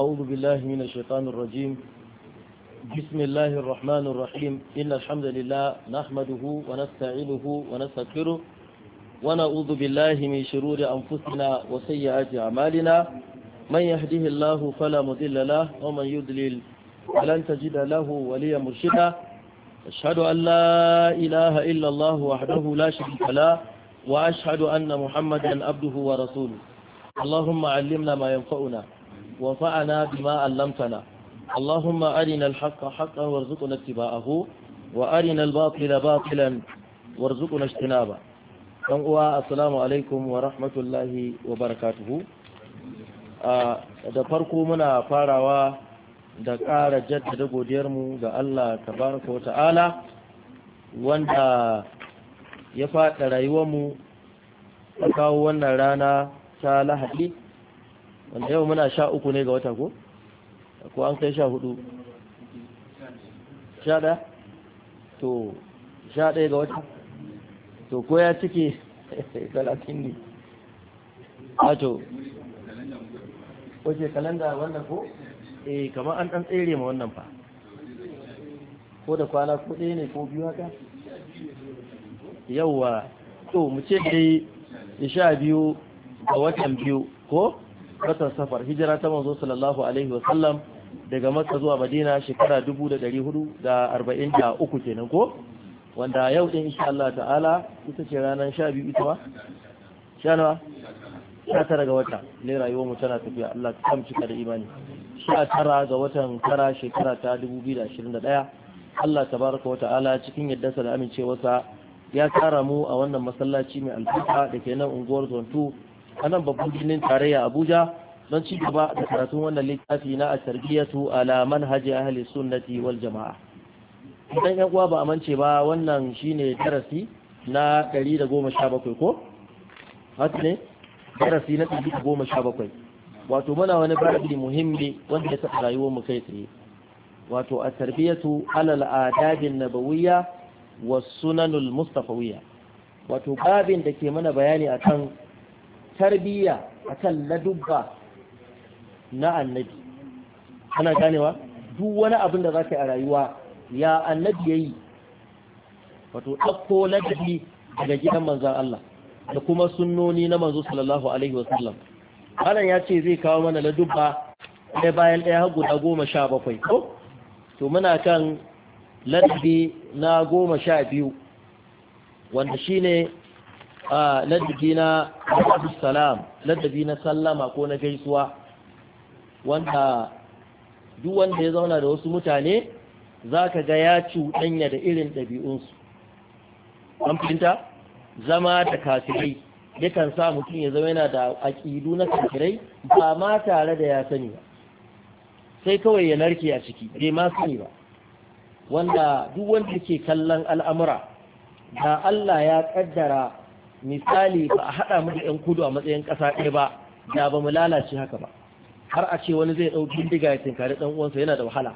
أعوذ بالله من الشيطان الرجيم بسم الله الرحمن الرحيم إن الحمد لله نحمده ونستعينه ونستغفره ونعوذ بالله من شرور أنفسنا وسيئات أعمالنا من يهده الله فلا مضل له ومن يضلل فلن تجد له وليا مرشدا أشهد أن لا إله إلا الله وحده لا شريك له وأشهد أن محمدا عبده ورسوله اللهم علمنا ما ينفعنا وانفعنا بما علمتنا اللهم أرنا الحق حقا وارزقنا اتباعه وأرنا الباطل باطلا وارزقنا اجتنابه ɗan uwa assalamu alaikum wa rahmatullahi wa barakatuhu da farko muna farawa da ƙara jaddada godiyarmu ga Allah tabaraka wa ta'ala wanda ya faɗa rayuwarmu ta kawo wannan rana ta lahadi wanda yau muna sha uku ne ga wata ko ko an kai sha hudu sha da to sha ɗaya ga wata to ko ya cike galatin ne wato ah, wace kalanda wannan ko eh kamar an ɗan tsere ma wannan fa ko da kwana ko ɗaya ne ko biyu haka yauwa to mu ce dai sha biyu ga watan biyu ko watan safar hijira ta manzo sallallahu alaihi wasallam daga makka zuwa madina shekara 1443 kenan ko wanda yau din insha Allah ta'ala ita ce ranar 12 ita ba sha nawa sha tara ga wata ne rayuwar mu tana tafiya Allah ta kamci da imani sha tara ga watan tara shekara ta 2021 Allah tabaraka wa ta'ala cikin sa da sa ya tara mu a wannan masallaci mai albarka da ke nan unguwar zonto a nan babban birnin tarayya abuja don ci gaba da karatun wannan littafi na a tarbiyyatu ala manhaji ahli sunnati wal jama'a idan yan uwa ba amince ba wannan shine darasi na 117 ko haka ne darasi na 117 wato muna wani babi muhimmi wanda ya saka rayuwar mu kai tsaye wato a tarbiyyatu ala al'adabin nabawiyya wa sunanul mustafawiyya wato babin da ke mana bayani akan tarbiyya akan ladubba na annabi ana ganewa duk wani abin da za yi a rayuwa ya annabi ya yi wato ɗauko ladabi daga gidan manzan Allah da kuma sunnoni na manzo sallallahu alaihi wasallam malam ya ce zai kawo mana ladubba ɗaya bayan ɗaya har guda goma sha bakwai ko to muna kan ladabi na goma sha biyu wanda shine ladabi na ladabi na sallama ko na gaisuwa wanda duk wanda ya zauna da wasu mutane za ka ga ya cuɗanya da irin ɗabi'unsu an zama da kafirai yakan sa mutum ya zama yana da aƙidu na kafirai ba ma tare da ya sani ba sai kawai ya narke a ciki bai ma sani ba wanda duk wanda ke kallon al'amura da Allah ya ƙaddara misali ba a haɗa mu da 'yan kudu a matsayin ƙasa ɗaya ba da ba mu lalace haka ba har a ce wani zai ɗauki bindiga ya tinkari ɗan uwansa yana da wahala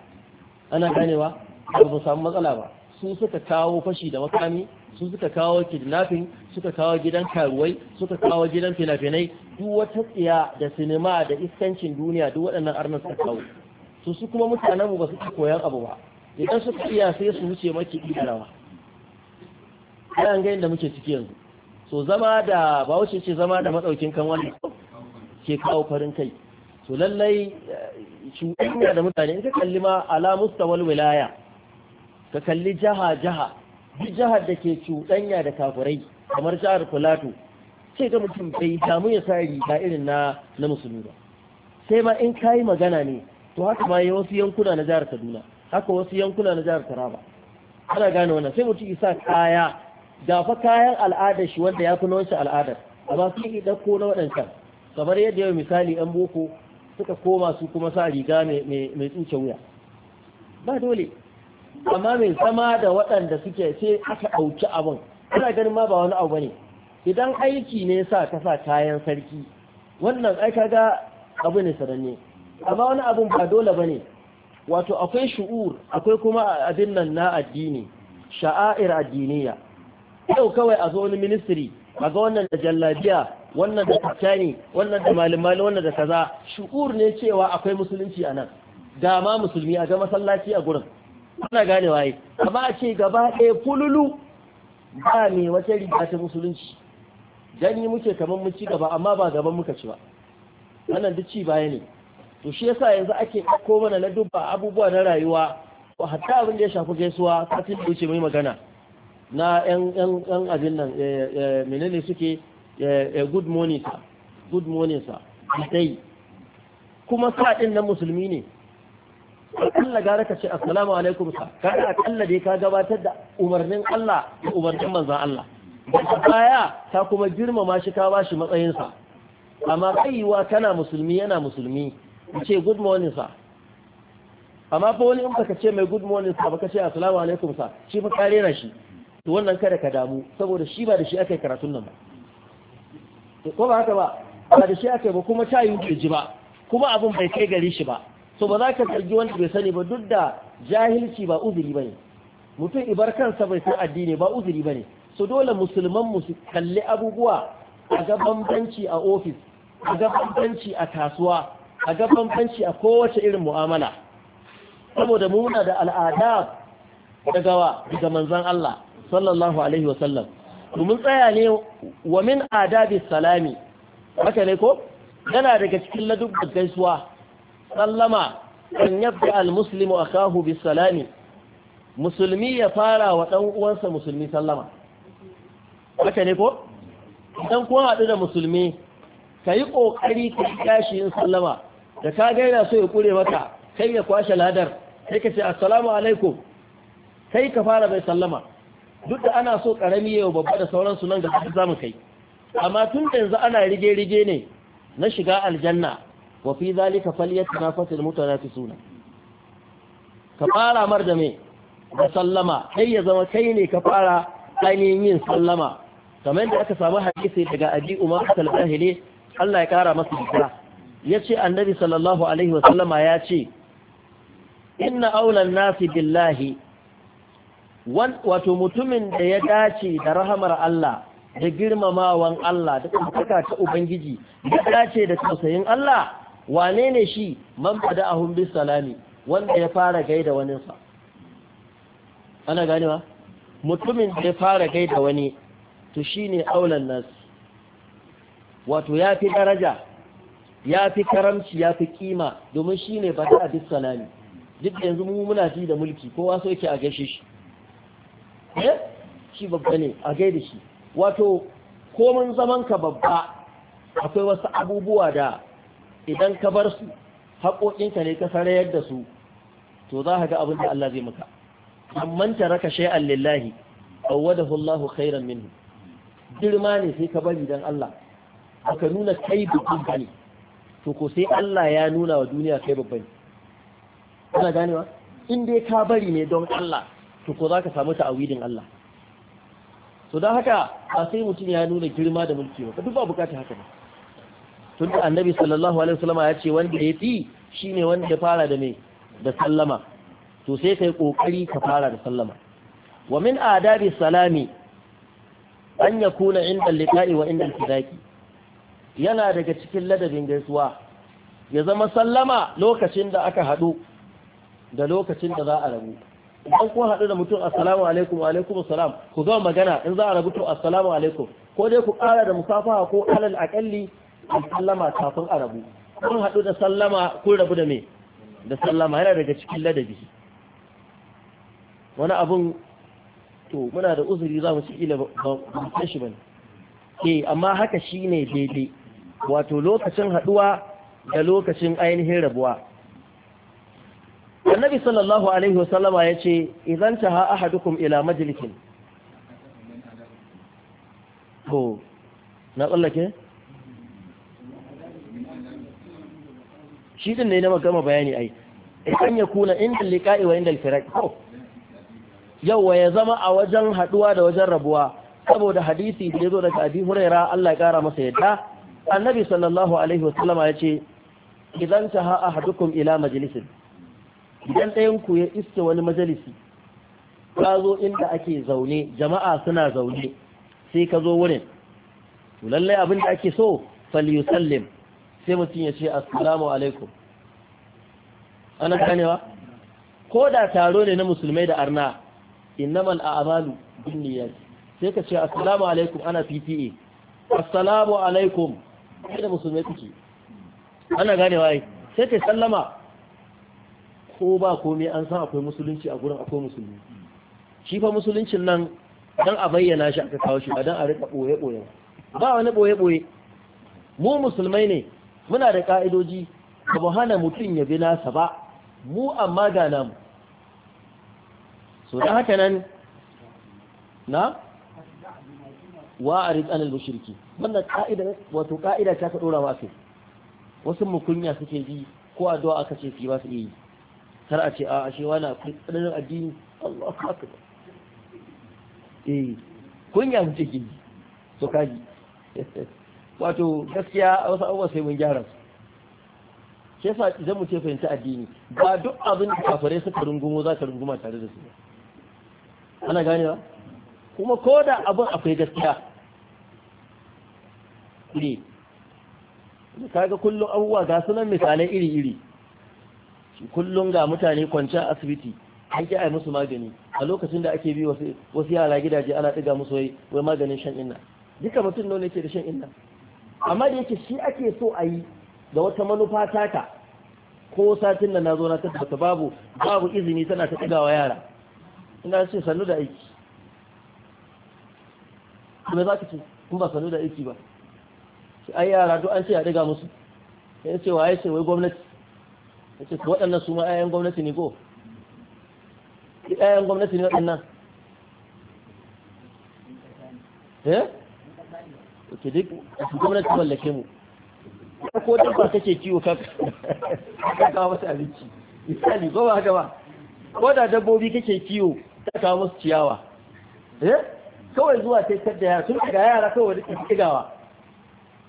ana ganewa ba mu samu matsala ba su suka kawo fashi da makami su suka kawo kidnapping suka kawo gidan karuwai suka kawo gidan fina-finai duk wata tsiya da sinima da iskancin duniya duk waɗannan arnan suka kawo su su kuma mutanenmu ba su ci koyan abu ba idan suka iya sai su wuce maki ɗi da rawa. Ana gani da muke ciki yanzu. so zama da wuce ce zama da maɗaukin kan wani ke kawo farin kai so lallai cuɗanya eh, da mutane in ka kalli ma ala mustawal wilaya ka kalli jiha-jiha. duk jihar da ke cuɗanya da kafurai kamar jihar kulatu sai ga mutum bai damu ya sa riga irin na na musulmi sai ma in kayi magana ne to haka ma yi wasu yankuna na jihar Kaduna haka wasu yankuna na jihar Taraba ana gane wannan sai mutum isa kaya dafa kayan al'adar shi wanda ya fi nawanci al'adar amma su yi ɗauko na waɗancan kamar yadda yau misali 'yan boko suka koma su kuma sa riga mai tsuce wuya ba dole amma mai zama da waɗanda suke sai aka ɗauki abin ana ganin ma ba wani abu ne idan aiki ne sa ka sa kayan sarki wannan ai ga abu ne sananne amma wani abun ba dole bane wato akwai shu'ur akwai kuma abin nan na addini sha'air addiniya yau kawai a zo wani ministry a ga wannan da jallabiya wannan da tattani wannan da malimali wannan da kaza shukur ne cewa akwai musulunci a nan Dama musulmi a ga masallaci a gurin ana gane waye amma a ce gaba ɗaya fululu ba ne wata riga ta musulunci gani muke kamar mun ci gaba amma ba gaban muka ci ba wannan duk ci baya ne to shi yasa yanzu ake ɗauko mana na dubba abubuwa na rayuwa hatta abin da ya shafi gaisuwa kafin da wuce mai magana na yan abin nan eh, eh, menene suke eh, good morning sa good morning sa dai kuma sa'in na musulmi ne Allah gara ka ce assalamu alaikum sa kada kalla dai ka gabatar da umarnin Allah da umarnin manzan Allah baya ta kuma girmama shi ka bashi matsayin sa amma kaiwa kana musulmi yana musulmi ce good morning sa amma fa wani in baka ce mai good morning sa baka ce assalamu alaikum sa shi fa kare na shi to wannan kada ka damu saboda shi ba da shi aka yi karatun nan ba to ko ba haka ba ba da shi aka yi ba kuma ta yi ji ba kuma abin bai kai gari shi ba so ba za ka zargi wanda bai sani ba duk da jahilci ba uzuri bane mutum ibar kansa bai san addini ba uzuri bane so dole musulman mu su kalli abubuwa a ga bambanci a ofis a ga bambanci a kasuwa a ga bambanci a kowace irin mu'amala saboda muna da al'ada da gawa daga manzon Allah sallallahu alaihi wasallam domin tsaya ne wa min adabi salami haka ne ko yana daga cikin ladubbar gaisuwa sallama an yabda almuslimu akahu bi salami musulmi ya fara wa ɗanuwansa uwansa musulmi sallama haka ne ko dan ko haɗu da musulmi kayi ƙoƙari ka gashi yin sallama da ka gaina so ya kure maka kai ya kwashe ladar sai ka ce assalamu alaikum sai ka fara bai sallama duk da ana so karami yau babba da sauransu nan da za mu kai amma tun da yanzu ana rige-rige ne na shiga aljanna wa fi zalika fi mutanafisuna ka fara mar da da sallama kai ya zama kai ne ka fara ainihin yin sallama kamar da aka samu hadisi daga abi umar al-bahili Allah ya kara masa bisira yace annabi sallallahu alaihi wa sallama yace inna aulan nasi billahi wato mutumin da ya dace da rahamar Allah da girmamawan Allah da kuma ta ubangiji ya dace da tausayin Allah wane ne shi man bada'ahum bis salami wanda ya fara gaida wani sa ana ba? mutumin da ya fara gaida wani to shine aulan nas wato yafi daraja yafi karamci yafi kima domin shine bada'a bis salami duk yanzu mu muna ji da mulki kowa so yake a gashe shi Eh? shi babba ne a gaida shi wato komin zaman ka babba akwai wasu abubuwa da idan ka bar su haƙoƙinka ne ka sarayar da su to za ka ga abin da Allah zai maka amman taraka shay'an lillahi awadahu Allahu khairan minhu girma ne sai ka bari dan Allah aka nuna kai babban bane to ko sai Allah ya nuna wa duniya kai babban kana ganewa in dai ka bari ne don Allah to ko za ka samu ta'awilin Allah to don haka ba sai mutum ya nuna girma da mulki ba duk ba bukatar haka ba tun da annabi sallallahu alaihi wasallama ya ce wanda ya fi shine wanda ya fara da me da sallama to sai kai kokari ka fara da sallama wa min adabi salami an yakuna inda liqa'i wa inda tidaki yana daga cikin ladabin gaisuwa ya zama sallama lokacin da aka hadu da lokacin da za a rabu idan kuma haɗu da mutum assalamu alaikum wa alaikum assalam ku zama magana in za a rabu to assalamu alaikum ko dai ku ƙara da musafaha ko alal aƙalli a sallama kafin a rabu kun haɗu da sallama kun rabu da me da sallama yana daga cikin ladabi wani abun to muna da uzuri za mu ci ba shi bane eh amma haka shine daidai wato lokacin haɗuwa da lokacin ainihin rabuwa annabi sallallahu alaihi wasallama ya ce idan ta ha ahadukum ila majalikin ko na tsallake? shi din ne na magama bayani ai idan ya kuna inda liƙa'i wa inda alfirak Yau ya zama a wajen haduwa da wajen rabuwa saboda hadisi da ya zo daga abi huraira Allah ya kara masa yadda annabi sallallahu alaihi wasallama ya ce idan ta ha ahadukum ila majlisin. idan ɗayan ku ya iske wani majalisi ka zo inda ake zaune jama'a suna zaune sai ka zo wurin to lallai abin da ake so falyusallim sai mutum ya ce assalamu alaikum ana ganewa ko da taro ne na musulmai da arna innamal a'malu binniyat sai ka ce assalamu alaikum ana PPA assalamu alaikum sai da musulmai kuke ana ganewa sai ka sallama ko ba komai an san akwai musulunci a gurin akwai musulmi shi fa musuluncin nan dan a bayyana shi aka kawo shi dan a rika boye boye ba wani boye boye mu musulmai ne muna da ka'idoji ba hana mutum ya bi nasa ba mu amma ga namu so dan haka nan na wa arid al mushriki wannan ka'ida wato ka'ida ta ka dora wa sai wasu mukunya suke ji ko addu'a aka ce su ba su iya yi kar a ce a ashe wani akwai tsananin addini Allah eh, ka ba eh kun ya take ki to kaji wato gaskiya a wasu abubuwa sai mun gyara su shi sa idan mu ce fahimta addini ba duk abin da kafare suka rungumo za ka runguma tare da su ana gane ba kuma ko da abin akwai gaskiya ne kaga kullum abubuwa ga sunan misalai iri-iri kullum ga mutane kwanciyar asibiti an ki ai musu magani a lokacin da ake bi wasu yara gidaje ana ɗiga musu wai maganin shan inna duka mutum nuna ke da shan inna amma da yake shi ake so a yi da wata manufa taka ko satin da na zo na ta babu babu izini tana ta wa yara ina ce sannu da aiki kuma za ka ce kun ba sannu da aiki ba ai yara duk an ce a ɗiga musu ya ce wa ya ce wai gwamnati yace to waɗannan su ma'ayan gwamnati ne ko 'ya'yan gwamnati ne waɗannan eh ok duk gwamnati mallake mu ko ba kake kiwo ka ka kawo masa abinci misali ko ba haka ba ko da dabbobi kake kiwo ka kawo musu ciyawa eh kawai zuwa sai da yara sun ga yara kawai da kigawa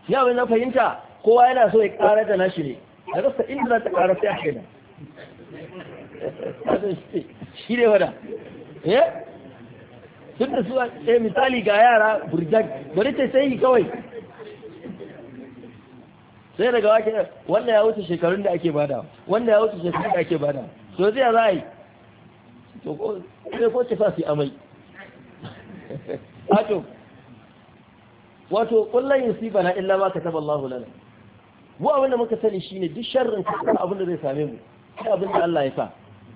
ya wani na fahimta kowa yana so ya ƙara da nashi ne a rasa inda za ta ƙara sai a kaina shi ne wada ya eh? sun da su a eh, misali ga yara burjan bari ta sai kawai sai daga wake wanda ya wuce shekarun da ake bada wanda ya wuce shekarun da ake bada so zai za a yi to ko ko ce fasi su amai wato wato kullayin yusiba na illa ma kataba Allahu lana mu abin da muka sani shine duk sharrin ka abin da zai same mu shi abin da Allah ya sa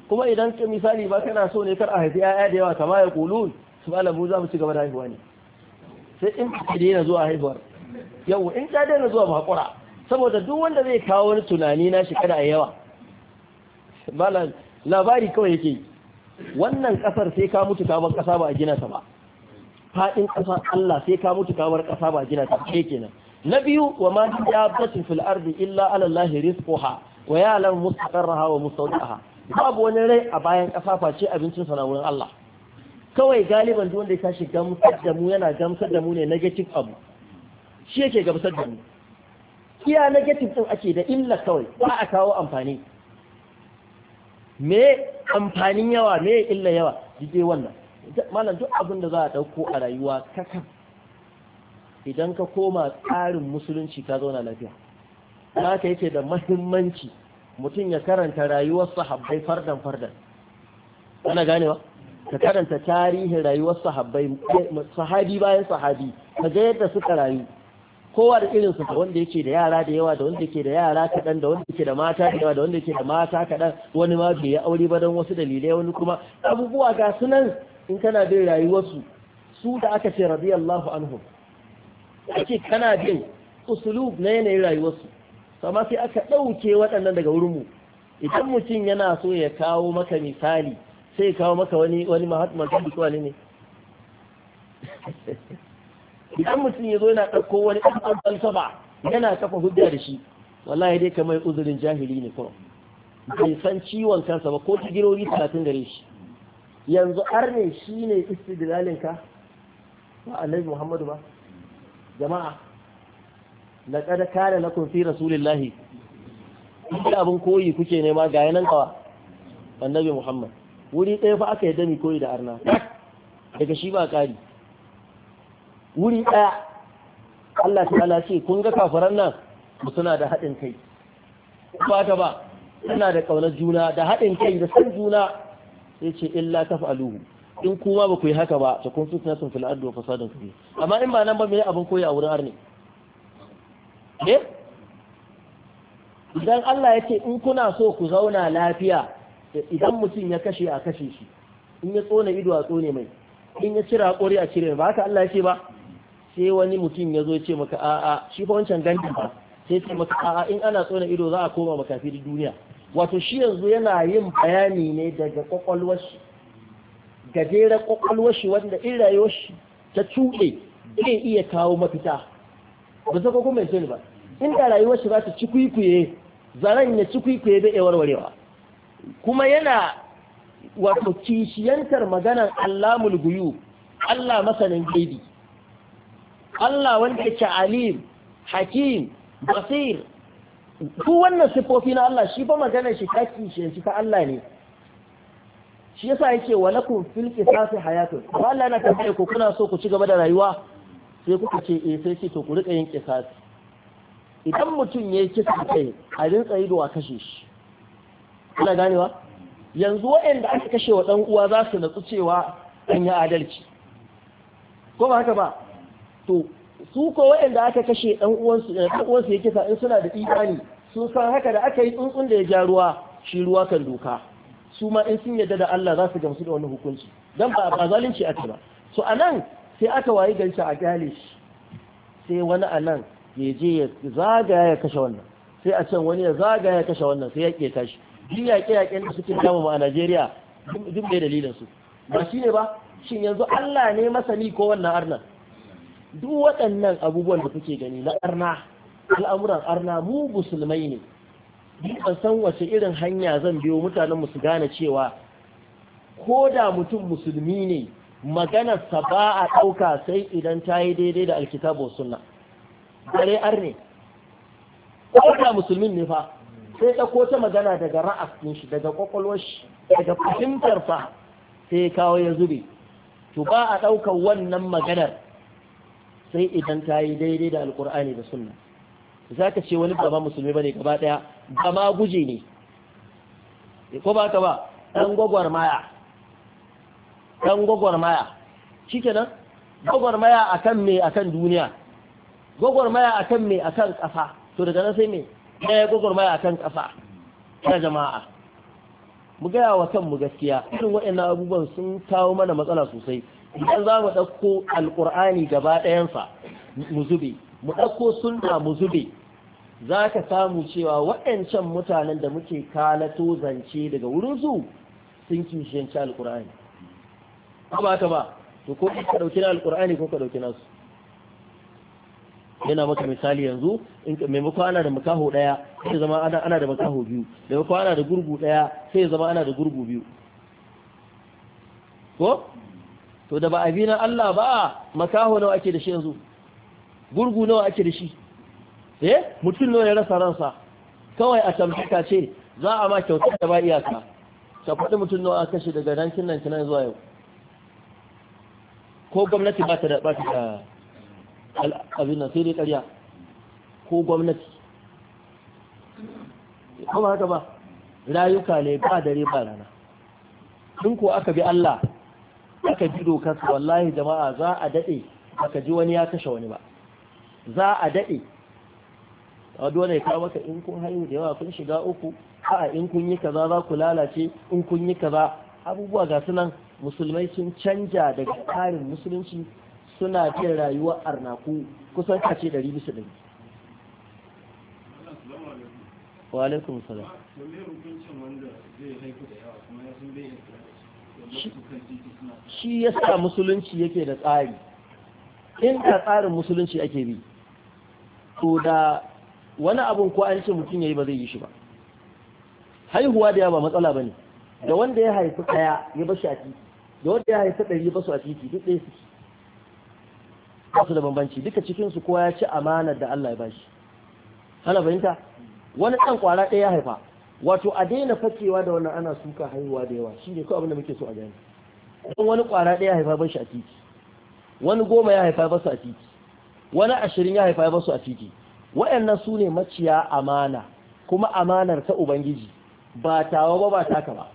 kuma idan ka misali ba kana so ne kar a haifi 'ya'ya da yawa kama ya kulun ba mu za mu ci gaba da haihuwa ne sai in ka daina zuwa haihuwar yau in ka daina zuwa makura saboda duk wanda zai kawo wani tunani na shi kada a yawa labari kawai yake wannan kasar sai ka mutu ka kasa ba a gina ta ba fadin ƙasar Allah sai ka mutu ka kasa ba a gina ta kenan na biyu wa ma dabbatin fil ardi illa ala Allah rizquha wa ya'lam mustaqarraha wa mustawdaha babu wani rai a bayan kafa face abincin sa na wurin Allah kawai galiban duk wanda ya tashi gamsar da mu yana gamsar da mu ne negative abu shi yake gamsar da mu iya negative din ake da illa kawai ba a kawo amfani me amfanin yawa me illa yawa dike wannan malam duk abin da za a dauko a rayuwa kakaf idan ka koma tsarin musulunci ka zauna lafiya ka yake da mahimmanci mutum ya karanta rayuwar sahabbai fardan fardan ana ganewa ka karanta tarihin rayuwar sahabbai sahabi bayan sahabi ka ga yadda suka rayu kowa da irinsu da wanda yake da yara da yawa da wanda yake da yara kaɗan da wanda yake da mata da yawa da wanda yake da mata kaɗan wani ma bai aure ba don wasu dalilai wani kuma abubuwa ga sunan in kana bin rayuwarsu su da aka ce radiyallahu anhum ake kana bin usulub na yanayin rayuwarsu amma sai aka ɗauke waɗannan daga wurinmu idan mutum yana so ya kawo maka misali sai kawo maka wani wani mahatman tabi ne idan mutum ya zo yana ɗauko wani ɗan falsafa yana kafa hujja da shi wallahi dai kamar uzurin jahili ne kuma bai san ciwon kansa ba ko tigirori talatin gare shi yanzu arne shi ne istidlalinka ba annabi muhammadu ba jama'a kare na na fi rasulillahi duk abin koyi kuke nema ga yanan kawa annabi Muhammad wuri ɗaya fa aka yi dami koyi da arna daga shi ba kari. wuri ɗaya Allah ala ce kun ga kafiran nan suna da haɗin kai ba ta ba suna da ƙaunar juna da haɗin kai da san juna sai ce illa taf'aluhu in kuma ba ku yi haka ba ta kun fitna sun fil ardi wa fasadun amma in ba nan ba mai abin koyi a wurin arni eh idan Allah ya ce in kuna so ku zauna lafiya idan mutum ya kashe a kashe shi in ya tsone ido a tsone mai in ya cira kori a cire ba haka Allah ya ce ba sai wani mutum ya zo ya ce maka a'a shi fa wancan gandun ba sai ce maka a'a in ana tsone ido za a koma makafi duniya wato shi yanzu yana yin bayani ne daga kwakwalwar shi gajeren ƙwaƙwalwar shi wanda in rayuwar shi ta cuɗe zai iya kawo mafita ba zaka kuma ya ba inda rayuwar shi za ta ci kwikwiye zaren ya ci kwikwiye bai warwarewa kuma yana wato kishiyantar maganar allamul guyu Allah masanin gaibi Allah wanda yake alim hakim basir duk wannan sifofi na Allah shi ba maganar shi ta kishiyanci ta Allah ne shi yasa yake walakum fil qisasi hayatun ba Allah yana tambaye ku kuna so ku ci gaba da rayuwa sai kuka ce eh sai ce to ku rika yin qisasi idan mutum yayi kisa kai a rinka yi da kashe shi kuna ganewa yanzu waɗanda aka kashe wa dan uwa za su natsu cewa an yi adalci ko ba haka ba to su ko waɗanda aka kashe dan uwansu dan eh, uwansu yake sa in suna da imani sun san haka da aka yi tsuntsun da ya ja ruwa shi ruwa kan doka su ma in sun yadda da Allah za su gamsu da wani hukunci dan ba ba zalunci ake ba so anan sai aka wayi gansa a gale shi sai wani anan ya je ya zaga ya kashe wannan sai a can wani ya zaga ya kashe wannan sai ya keta shi duk yaƙe-yaƙen da suke damu a Najeriya duk mai dalilin su ba shi ne ba shin yanzu Allah ne masani ko wannan arnan duk waɗannan abubuwan da kuke gani na arna al'amuran arna mu musulmai ne ni ban san wace irin hanya zan biyo mutanen su gane cewa ko da mutum musulmi ne maganarsa ba a ɗauka sai idan ta yi daidai da alkitabu sunna dare ar ne ko da musulmin ne fa sai ta ta magana daga ra'as shi daga kwakwalwar shi daga fahimtar fa sai kawo ya zube to ba a ɗauka wannan maganar sai idan ta yi daidai da alkur'ani da sunna za ka ce wani gaba musulmi ba ne gaba ɗaya gama guje ne ko ba ka ba ɗan gwagwarmaya ɗan gwagwarmaya shi kenan gwagwarmaya a kan me a kan duniya gwagwarmaya a kan me a kan ƙasa to daga nan sai me ɗaya gwagwarmaya a kan ƙasa ta jama'a mu gaya wa kanmu gaskiya irin waɗannan abubuwan sun kawo mana matsala sosai idan za mu ɗauko alƙur'ani gaba ɗayansa mu zube mu ɗauko sunna mu zube za ka samu cewa waɗancan mutanen da muke kalato zance daga wurinsu sun Alƙur'ani? alkur'ani ba ka ba to ko ka ɗauki na alkur'ani ko ka ɗauki nasu yana maka misali yanzu in maimako ana da makaho ɗaya, sai zama ana da makaho biyu maimako ana da gurgu ɗaya, sai zama ana da gurgu biyu ko to da ba a bi na Allah ba makaho nawa ake da shi yanzu gurgu nawa ake da shi eh mutum ne ya rasa ransa kawai a tamfika ce za a ma kyauta da ba iyaka ka faɗi mutum nawa a kashe daga nan kinan zuwa yau ko gwamnati ba ta da ba ta abin nan sai dai ƙarya ko gwamnati kuma haka ba rayuka ne ba dare ba rana in ko aka bi Allah aka ji dokar wallahi jama'a za a daɗe aka ji wani ya kashe wani ba za a daɗe a dole ka maka in kun haihu da yawa kun shiga uku a in kun yi kaza za ku lalace in kun yi kaza abubuwa ga nan musulmai sun canja daga tsarin musulunci suna cin rayuwar arnaku kusan kace ɗari bisa ɗari. wa salam shi ya sa musulunci yake da tsari in ka tsarin musulunci ake bi to da wani abun ko an ce mutum ya yi ba zai yi shi ba haihuwa da yawa ba matsala ne. da wanda ya haifi kaya ya bashi a titi da wanda ya haifi ɗari basu a titi duk ɗaya suke ba su da bambanci duka cikinsu kowa ya ci amanar da Allah ya bashi ana fahimta wani ɗan kwara ɗaya ya haifa wato a daina fakewa da wannan ana suka haihuwa da yawa shi ne kawai abin da muke so a gani don wani kwara ɗaya ya haifa bashi a titi wani goma ya haifa basu a titi wani ashirin ya haifa basu a titi waɗannan su ne maciya amana kuma amanar ta ubangiji ba tawa ba ba taka ba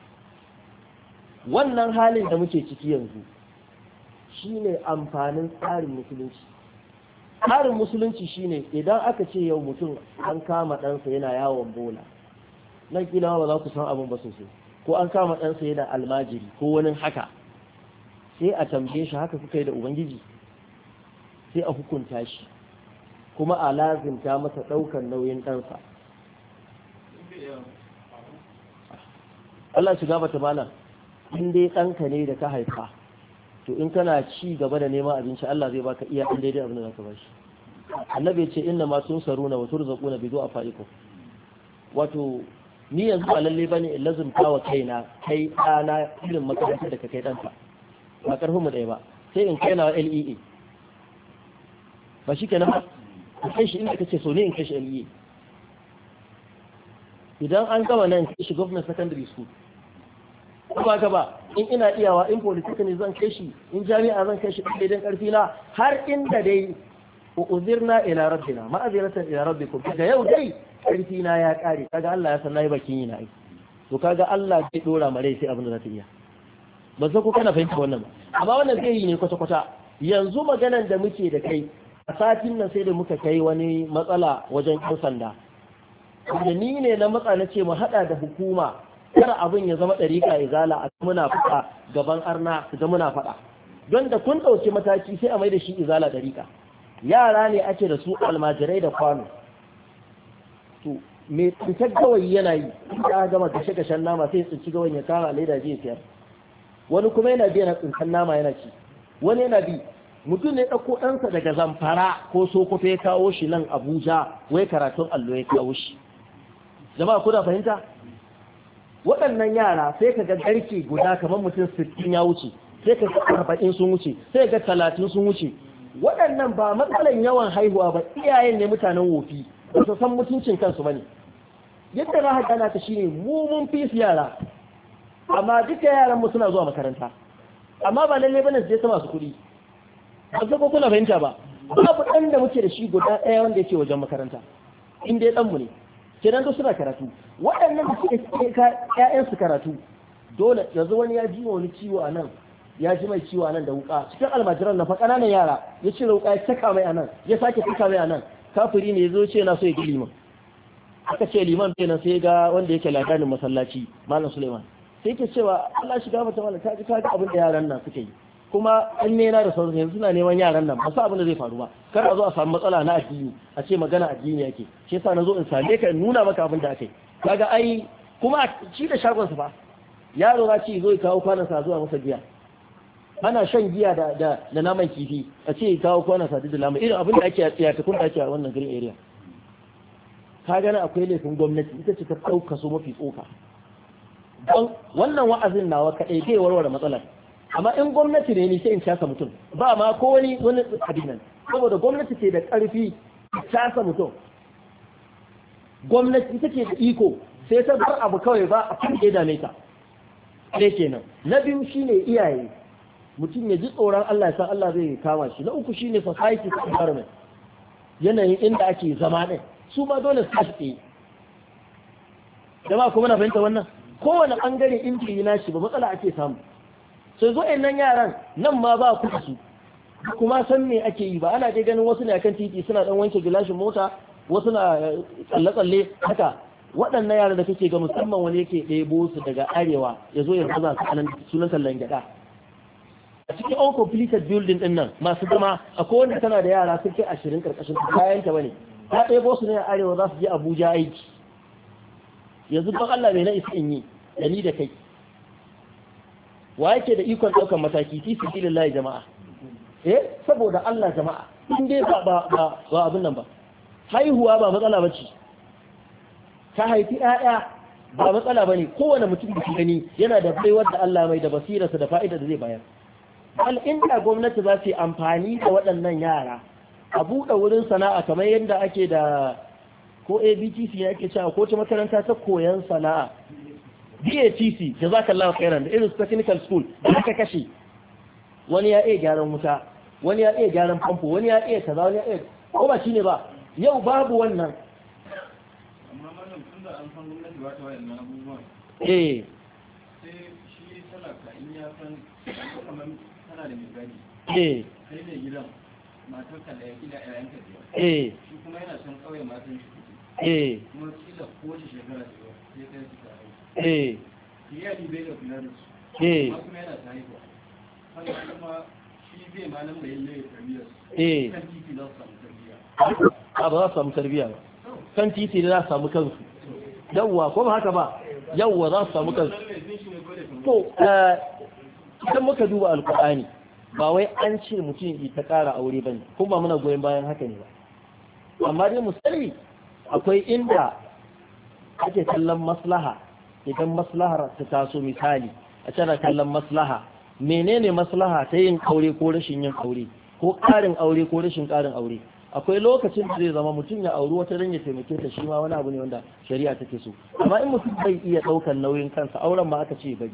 wannan halin da muke ciki yanzu shine amfanin tsarin musulunci tsarin musulunci shine idan aka ce yau mutum an kama ɗansa yana yawon bola nan kila ba za ku san abin ba sosai ko an kama ɗansa yana almajiri ko wani haka sai a tambaye shi haka kuka yi da ubangiji sai a hukunta shi kuma a lazimta masa ɗaukar nauyin ɗansa Allah shiga bata mana. in dai ɗanka ne da ka haifa to in kana ci gaba da neman abinci Allah zai baka iya ɗan daidai abin da ka bashi annabi ce inna ma na saruna wa na bi a fa’iko. wato ni yanzu ba lalle ba ne in lazimta wa kaina kai ɗana irin makaranta da ka kai ɗanka ba ƙarfin mu ɗaya ba sai in kai na LEA ba shi kenan ba in kai shi inda kake so ne in kai shi LE idan an gaba nan kai shi government secondary school ko ba ba in ina iyawa in ne zan kai shi in jami'a zan kai shi daidan karfi na har inda dai ku uzirna ila rabbina ma'aziratan ila rabbikum daga yau dai karfi na ya kare kaga Allah ya san nayi bakin yi na to kaga Allah zai dora ma rai sai abin da ta iya ba zaku ko kana fahimta wannan ba amma wannan zai yi ne kwata kwata yanzu maganan da muke da kai a satin nan sai da muka kai wani matsala wajen ƴan sanda da ni ne na matsa na ce mu haɗa da hukuma kar abin ya zama ɗarika izala a muna faɗa gaban arna su muna faɗa don da kun ɗauki mataki sai a mai da shi izala ɗarika yara ne ake da su almajirai da kwano to me tsintar gawayi yana yi ya gama gashe gashen nama sai tsinci gawayi ya kama leda jiya siyar wani kuma yana biya na tsintar nama yana ci wani yana bi mutum ne ɗauko ɗansa daga zamfara ko sokoto ya kawo shi nan abuja wai karatun allo ya kawo shi ku kuna fahimta waɗannan yara sai ka ga garke guda kamar mutum sittin ya wuce sai ka ga arba'in sun wuce sai ga talatin sun wuce waɗannan ba matsalan yawan haihuwa ba iyayen ne mutanen wofi ba su san mutuncin kansu ba ne yadda za ka gana ta shi mu mun fi yara amma duka yaran mu suna zuwa makaranta amma ba lalle ne su je ta masu kuɗi ba su kuna fahimta ba babu ɗan da muke da shi guda ɗaya wanda yake wajen makaranta in dai ɗanmu ne kenan da suna karatu waɗannan da suke ƴaƴan su karatu dole yanzu wani ya ji wani ciwo a nan ya ji mai ciwo a nan da wuka cikin almajiran na fa ƙananan yara ya cire wuka ya saka mai a nan ya sake saka mai a nan kafiri ne ya zo ce na so ya gi liman aka ce liman bai nan sai ga wanda yake lakanin masallaci malam suleiman sai ke cewa Allah shi gafarta malam ta ji ta ga abin da yaran nan suke yi kuma an nena da sauransu yanzu suna neman yaran nan ba abin da zai faru ba kar a zo a samu matsala na addini a ce magana addini yake shi yasa na zo in same ka in nuna maka abin da aka yi kaga ai kuma shi da shagon sa ba yaro na ce zo ya kawo kwanan sa zuwa masa giya ana shan giya da da, da naman kifi a ce ya kawo kwanan sa da naman irin abin da ake a tukun da ake a wannan green area ka gani akwai laifin gwamnati ita ce ta ɗauka so mafi tsoka wannan wa'azin nawa kaɗai zai warware matsalar amma in gwamnati ne ni sai in casa mutum ba ma ko wani wani abinan saboda gwamnati ke da ƙarfi casa mutum gwamnati ita ke da iko sai ta bar abu kawai ba a kan da dame ta ne kenan na biyu shine iyaye mutum ya ji tsoron Allah ya san Allah zai kama shi na uku shine society environment yanayin inda ake zama ɗin su ma dole su tsaye jama'a kuma na fahimta wannan kowane ɓangare inji na shi ba matsala ake samu sai zo nan yaran nan ma ba ku su kuma san me ake yi ba ana dai ganin wasu ne akan titi suna dan wanke gilashin mota wasu na eh, tsalle-tsalle haka waɗannan yaran da kake ga musamman wani yake ɗebo su daga arewa ya zo ya zaza su anan sunan sallan gyaɗa a cikin all completed building ɗin nan masu zama akwai wanda tana da yara sun kai ashirin karkashin kayan ta bane ta ɗebo su ne a arewa za su je abuja aiki yanzu ba allah mai na isa in yi da ni da kai wa yake da ikon daukan mataki fi sabilillahi jama'a eh saboda Allah jama'a in dai ba ba ba abin nan ba haihuwa ba matsala bace ta haifi 'ya'ya ba matsala bane kowane mutum da gani yana da baiwar da Allah mai da basirarsa da fa'ida da zai bayar bal inda gwamnati za su amfani da waɗannan yara a buɗe wurin sana'a kamar yadda ake da ko abtc ne ake cewa ko ta makaranta ta koyan sana'a DATC jazakallahu khairan da irin technical school da aka kashe wani ya iya gyaran wuta wani ya iya gyaran famfo wani ya iya kaza wani ya iya ko ba shine ba yau babu wannan amma mallam tun da an san gwamnati ba ta na abubuwan eh sai shi talaka in ya san kamar tana da mai eh sai ne gidan matar ka da ya kila yayan ka eh shi kuma yana son kauye matan shi eh kuma kila ko shekara ce sai kai Eh. Eh. Eh. Ah, ba za samu tarbiyya kan titi za samu kansu yawwa ko haka ba yawwa za samu kansu to idan muka duba alkur'ani ba wai an ce mutum yi ta ƙara aure ba ne kuma muna goyon bayan haka ne ba amma dai musali akwai inda ake kallon maslaha idan maslahar ta taso misali a tana kallon maslaha menene maslaha ta yin aure ko rashin yin aure ko ƙarin aure ko rashin ƙarin aure akwai lokacin da zai zama mutum ya auri wata dan ya taimake ta shi ma wani abu ne wanda shari'a take so amma in mutum bai iya ɗaukar nauyin kansa auren ma aka ce bai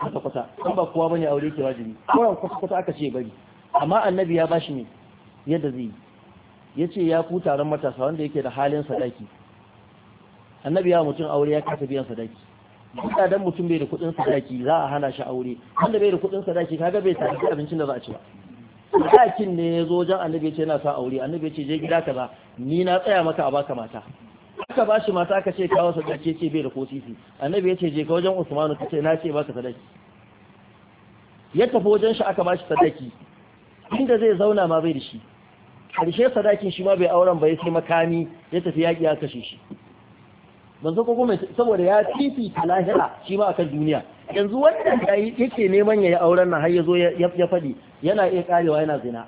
kwata kwata an ba kowa bane aure ke wajibi auren kwata kwata aka ce bari amma annabi ya bashi ne yadda zai yi Ya ce ya ku taron matasa wanda yake da halin sadaki annabi ya mutum aure ya kasa biyan sadaki duka dan mutum bai da kudin sadaki za a hana shi aure wanda bai da kudin sadaki kaga bai tafi abincin da za a ci ba sadakin ne ya zo wajen annabi ya ce yana sa aure annabi ya ce je gida ka ba ni na tsaya maka a baka mata aka ba shi mata aka ce kawo sadaki ce bai da kosisi annabi ya ce je ka wajen usmanu ka ce na ce baka sadaki ya tafi wajen shi aka ba shi sadaki inda zai zauna ma bai da shi karshe sadakin shi ma bai auren ba ya sai makami ya tafi yaƙi ya kashe shi ban ko kuma saboda ya fifita lahira shi ma akan duniya yanzu wannan da yake neman ya yi auren nan har ya zo ya fadi yana iya karewa yana zina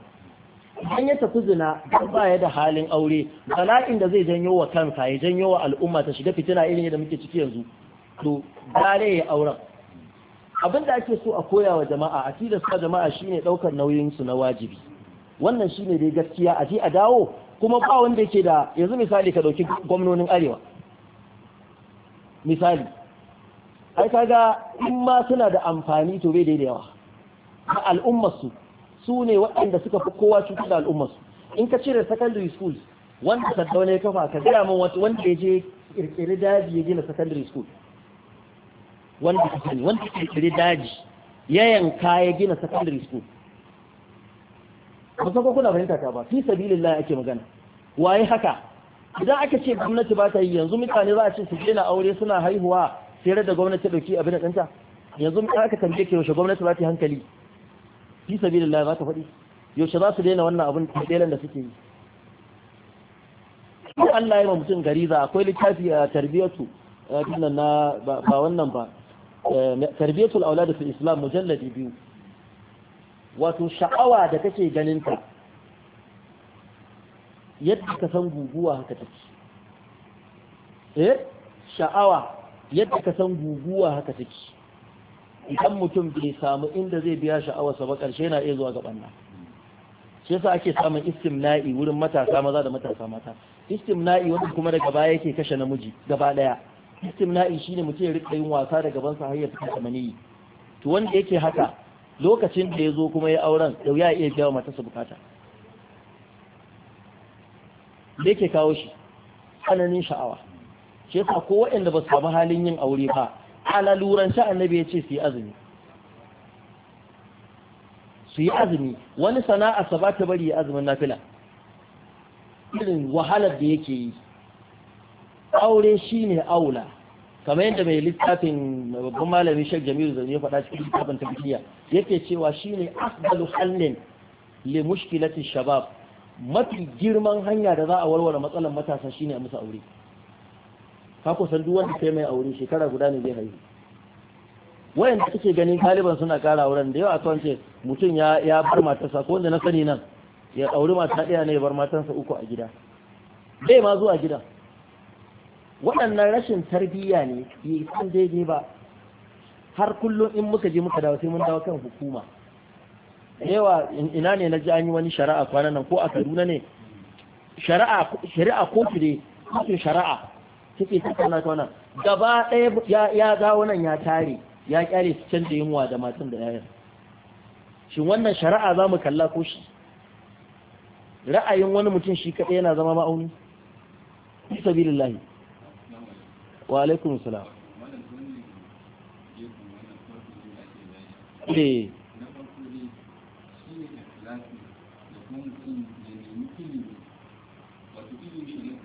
an ya tafi zina don ba ya da halin aure bala'in da zai janyo wa kansa ya janyo wa al'umma ta shiga fitina irin da muke ciki yanzu to gare ya auren abin da ake so a koya wa jama'a a tilasta jama'a shine ɗaukar nauyin su na wajibi wannan shine dai gaskiya a je a dawo kuma ba wanda yake da yanzu misali ka ɗauki gwamnonin arewa misali ai kaga in ma suna da amfani to bai daidai yawa a al'ummarsu su ne waɗanda suka fi kowa cutar da al'ummarsu in ka cire secondary school wanda saddauna ya kafa ka gaya min wanda ya je kirkiri daji ya gina secondary school wanda ka sani wanda kirkiri daji ya yanka ya gina secondary school ba san kuna fahimta ta ba fi sabilillah ake magana waye haka idan aka ce gwamnati ba ta yi yanzu mutane za a ce su daina aure suna haihuwa sai da gwamnati dauki abin danta yanzu aka tambaye ke yaushe gwamnati ba ta yi hankali fi sabilillah za ta faɗi yaushe za su daina wannan abin tselan da suke yi ko Allah ya yi mutum gariza akwai littafi a tarbiyatu dinnan na ba wannan ba eh, tarbiyatul aulad fi islam mujalladi biyu wato sha'awa da kake ta yadda ka san guguwa haka take eh sha'awa yadda ka san guguwa haka take idan mutum bai samu inda zai biya sha'awarsa ba ƙarshe na iya zuwa gaban nan shi yasa ake samun istimna'i wurin matasa maza da matasa mata istimna'i wanda kuma daga baya yake kashe namiji gaba daya istimna'i shine mutum ya rika yin wasa da gaban sa har ya fita maniyi to wanda yake haka lokacin da ya zo kuma ya auren yau ya iya biya matarsa bukata da yake kawo shi tsananin sha'awa shi yasa ko waɗanda ba su samu halin yin aure ba a luran sha annabi ya ce su yi azumi su yi azumi wani sana'a sa ba ta bari ya azumin nafila irin wahalar da yake yi aure shi ne aula kamar yadda mai littafin babban malamin shek jamilu zane ya faɗa cikin littafin tafiya yake cewa shine afdalu hallin li mushkilatin shabab mafi girman hanya da za a warware matsalar matasa shine a musu aure ka kusan duk wanda kai mai aure shekara guda ne zai haihu wayanda kake ganin taliban suna kara auren da yawa a mutum ya bar matarsa ko wanda na sani nan ya auri mata ɗaya ne ya bar matarsa uku a gida bai ma zuwa gida waɗannan rashin tarbiyya ne bai san daidai ba har kullum in muka je muka dawo sai mun dawo kan hukuma yawa ina ne na ji an yi wani shari'a kwanan nan ko a kaduna ne shari'a ko ne kotun shari'a suke tattauna na wannan gaba ɗaya ya dawo nan ya tare ya kyale su canza yunwa da matan da yayan shin wannan shari'a za mu kalla ko shi ra'ayin wani mutum shi kaɗai yana zama ma'auni fi wa salam kuma mutum ya nemi ilimi wato ilimi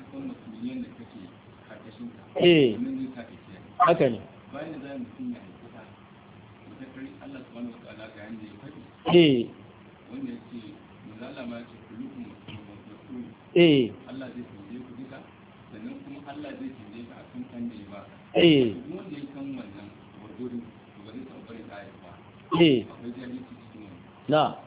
ne ka kake karkashin ka eh zai sa haka ne bayan da zai mutum ya ta Allah subhanahu wa ta'ala ga yanda ya eh wanda yake ma eh Allah zai ku duka sannan kuma Allah zai ka kan da ya ba eh wanda ya san wannan ba zai ba eh akwai cikin wannan na'am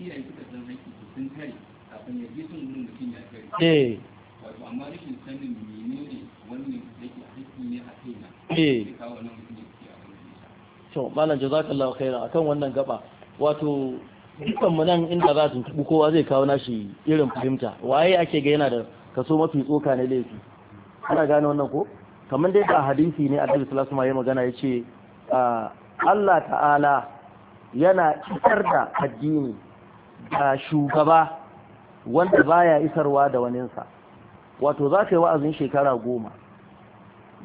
iyaye suka san haƙƙi su sun kare kafin ya je sun mutum ya kare eh. wato amma rashin sanin wannan ne a kaina eh. kawo wannan mutum ke a to malam jazakallahu akan wannan gaba wato dukkan nan inda za su tubu kowa zai kawo nashi irin fahimta waye ake ga yana da kaso mafi tsoka ne laifi ana gane wannan ko kamar dai da hadisi ne annabi sallallahu alaihi magana ya magana ah, Allah ta'ala yana isar da addini Da shugaba wanda baya isarwa da waninsa wato za ka yi wa'azin shekara goma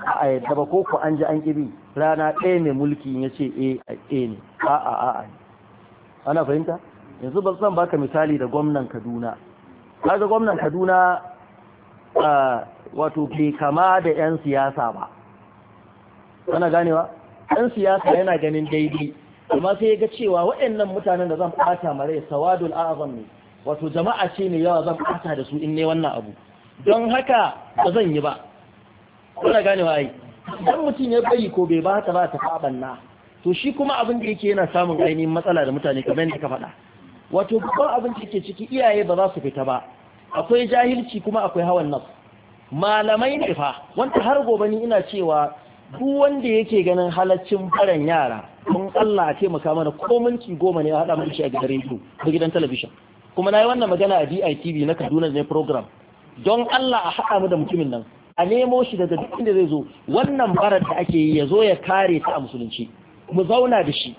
a yadda ba ko ku an ji an ƙiri rana ɗaya mai mulki ya ce eh, a ne a a a a ana fahimta yanzu ba san baka misali da gwamnan kaduna kaga gwamnan kaduna wato bai kama da 'yan siyasa ba ana ganewa 'yan siyasa yana ganin daidai amma sai ya ga cewa waɗannan mutanen da zan ɓata mare sawadul azam ne wato jama'a ce ne yawa zan ɓata da su in ne wannan abu don haka ba zan yi ba kuna gane ai dan mutum ya bayi ko bai ba ta ba ta na. to shi kuma abin da yake yana samun ainihin matsala da mutane kamar yadda ka faɗa wato babban abin da yake ciki iyaye ba za su fita ba akwai jahilci kuma akwai hawan nafs malamai ne fa wanda har gobe ni ina cewa duk wanda yake ganin halaccin baran yara Mun Allah a taimaka mana ko minti goma ne a haɗa mun shi a gidan rediyo da gidan talabishin kuma na yi wannan magana a DITV na Kaduna ne program don Allah a haɗa mu da mutumin nan a nemo shi daga duk inda zai zo wannan barar da ake yi ya zo ya kare ta a musulunci mu zauna da shi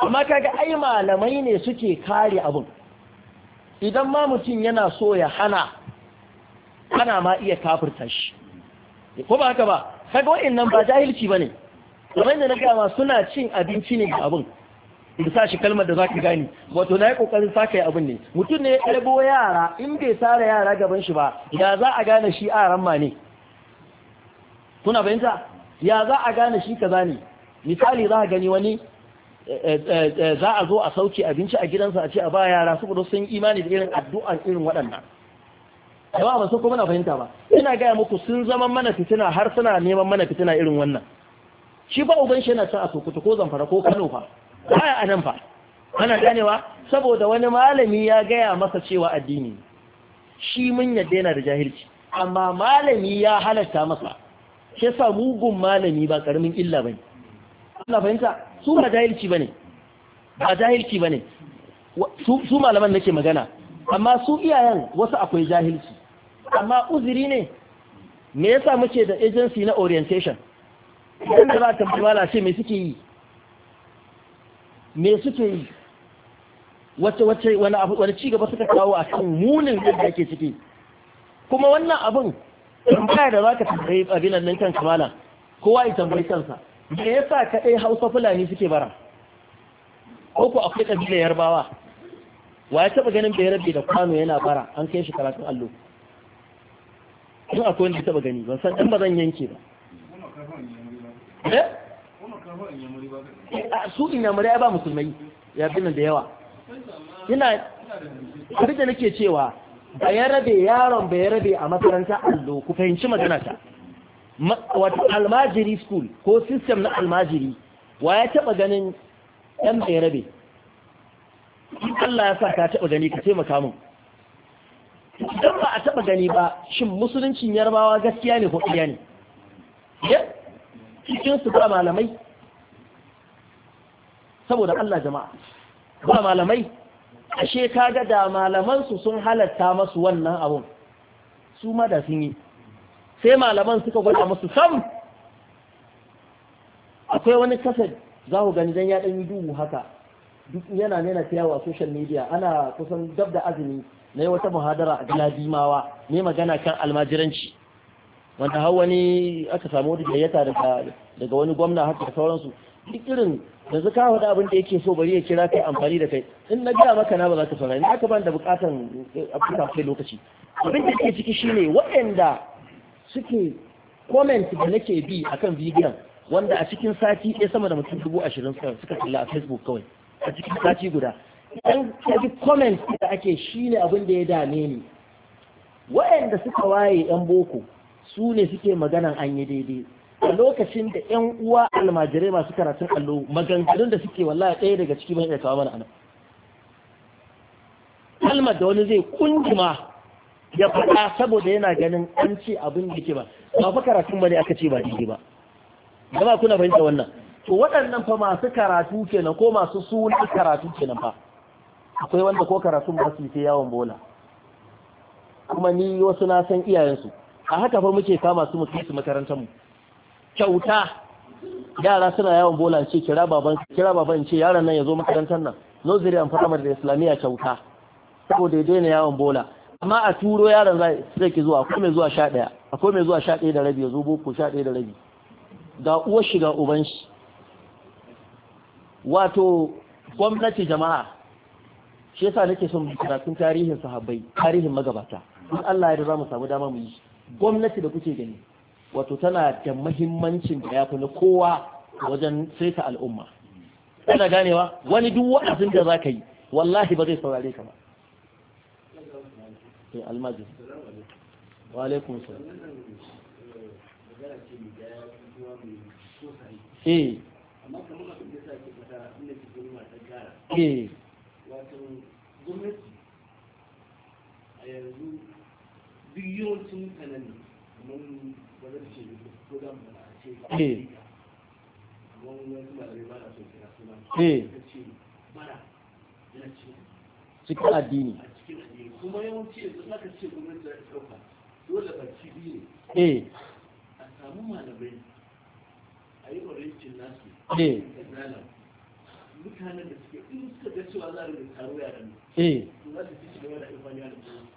amma kaga ai malamai ne suke kare abun idan ma mutum yana so ya hana kana ma iya kafirta shi ko ba haka ba kaga wa'annan ba jahilci bane kamar yadda na gama suna cin abinci ne ga abin da sa shi kalmar da za ka gani wato na yi ƙoƙarin sa yi abin ne mutum ne ya karbo yara in bai sare yara gaban shi ba ya za a gane shi a ramma ne kuna fahimta ya za a gane shi kaza ne misali za a gani wani eh, eh, eh, za a zo a sauke abinci a gidansa a ce a ba yara saboda sun imani da irin addu'an irin waɗannan jama'a ba su kuma na fahimta ba ina gaya muku sun zama mana fitina har suna neman mana fitina irin wannan shi ba uban shi yana sa a sokoto ko zamfara ko kano fa baya a nan fa ana ganewa saboda wani malami ya gaya masa cewa addini shi mun yadda yana da jahilci amma malami ya halatta masa shi sa mugun malami ba karamin illa bane Allah fahimta su ba jahilci bane ba jahilci bane su malaman nake magana amma su iyayen wasu akwai jahilci amma uzuri ne me yasa muke da agency na orientation idan da za ta fi mala ce me suke yi mai suke yi wacce wani abu wani cigaba suka kawo a kan munin da ke suke kuma wannan abin tambaya da za ka tambayi abinan nan kan kamala kowa yi tambayi kansa me sa kaɗai hausa fulani suke bara ko ku akwai ƙabilar yarbawa wa ya taɓa ganin bayar da kwano yana bara an kai shi karatun allo in akwai wanda ya taɓa gani ban san ɗan ba zan yanke ba Eh? Eh, su inyamurai ba musulmai ya binan da yawa yana abin da nake cewa ba rabe yaron ba rabe a makaranta allo ku fahimci maganata wata almajiri school ko system na almajiri wa ya taba ganin 'yan ba rabe Allah ya sa ka taba gani ka taimaka mun idan ba a taba gani ba shin musuluncin yarbawa gaskiya ne ko iya ne cikin su ba malamai saboda Allah jama'a ba malamai ashe kaga da malaman su sun halatta masu wannan abun su ma da sun yi sai malaman suka gwada musu sam akwai wani kasar za ku gani dan ya dan yi duhu haka duk yana nuna tiyawa a social media ana kusan dab da azumi na yi wata muhadara a gida dimawa ne magana kan almajiranci wanda har wani aka samu wani gayyata daga wani gwamna haka da sauransu duk irin da kawo da abin da yake so bari ya kira kai amfani da kai in na gaya maka na ba za ka saurari Ina ka ban da bukatan eh, afirka kai lokaci abin da yake ciki shine waɗanda suke comment da nake bi akan bidiyon wanda a cikin sati ɗaya sama da mutum dubu ashirin suka kalla a facebook kawai a cikin sati guda idan kaji comment da ake shine abin da ya dame ni waɗanda suka waye yan boko su ne suke maganan an yi daidai a lokacin da yan uwa almajirai masu karatun allo maganganun da suke wallahi ɗaya daga ciki ban iya kawo mana anan kalmar da wani zai kunduma ya faɗa saboda yana ganin an ce abin da ke ba ba fa karatun bane aka ce ba daidai ba gama kuna fahimta wannan to waɗannan fa masu karatu kenan ko masu suna karatu kenan fa akwai wanda ko karatun ba su yi yawon bola kuma ni wasu na san iyayensu a haka fa muke kama su muke su makarantar mu kyauta yara suna yawon bola ce kira baban kira baban ce yaran nan ya zo makarantar nan nursery an fara da islamiyya kyauta saboda ya daina yawon bola amma a turo yaron zai sai ki zuwa akwai mai zuwa 11 akwai mai zuwa sha ɗaya da rabi ya zo boko ɗaya da rabi ga uwar shi ga uban shi wato gwamnati jama'a shi yasa nake son karatun tarihin sahabbai tarihin magabata in Allah ya da za mu samu dama mu yi gwamnati da kuke gani wato tana da mahimmancin da ya fi na kowa wajen saita al'umma kana ganewa wani duk wa'azin da za ka yi wallahi ba zai saurare ka ba sai eh, almajin wa alaikum salam eh amma kamar abin da sake fata inda ke gurma ta gara eh wato gwamnati a yanzu duk yawancin kanan ne ba zai ce ko da mu na ce ba eh. wani ba so kira suna eh. ka ce bara ce cikin kuma yawanci ce gwamnati za ta ɗauka dole biyu ne eh. a samu malamai a yi nasu mutanen da suke in suka ga cewa za a rinka taro yaran ne za su yaran ne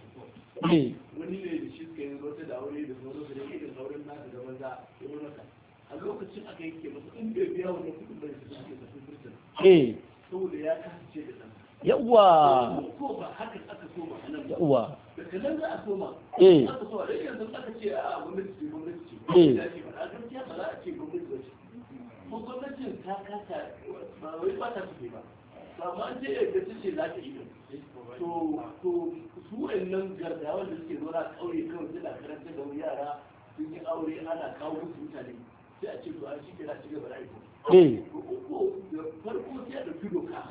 Eh. wani ne da shi suka yanzu wata da aure da sauran su da ke da sauran nasu da maza ya wani masa a lokacin aka yanke masa in bai biya wani kuɗin bai su suke tafi burtun eh. saboda ya kasance da ɗan yawwa ko ba haka aka koma a nan yawwa daga nan za a koma eh aka so da yanzu aka ce a gwamnati ce gwamnati ce eh da ce ba gaskiya ba za a ce gwamnati ba ce ko gwamnatin ta kasa ba wai ba ta fi ba amma an ce yadda su ce za ta yi to to su nan gardawan da suke zuwa ƙauye kawai suna karanta da yara sun yi aure ana kawo musu mutane sai a ce to an shi kira shiga bala'i eh. to uku da farko sai a ɗauki doka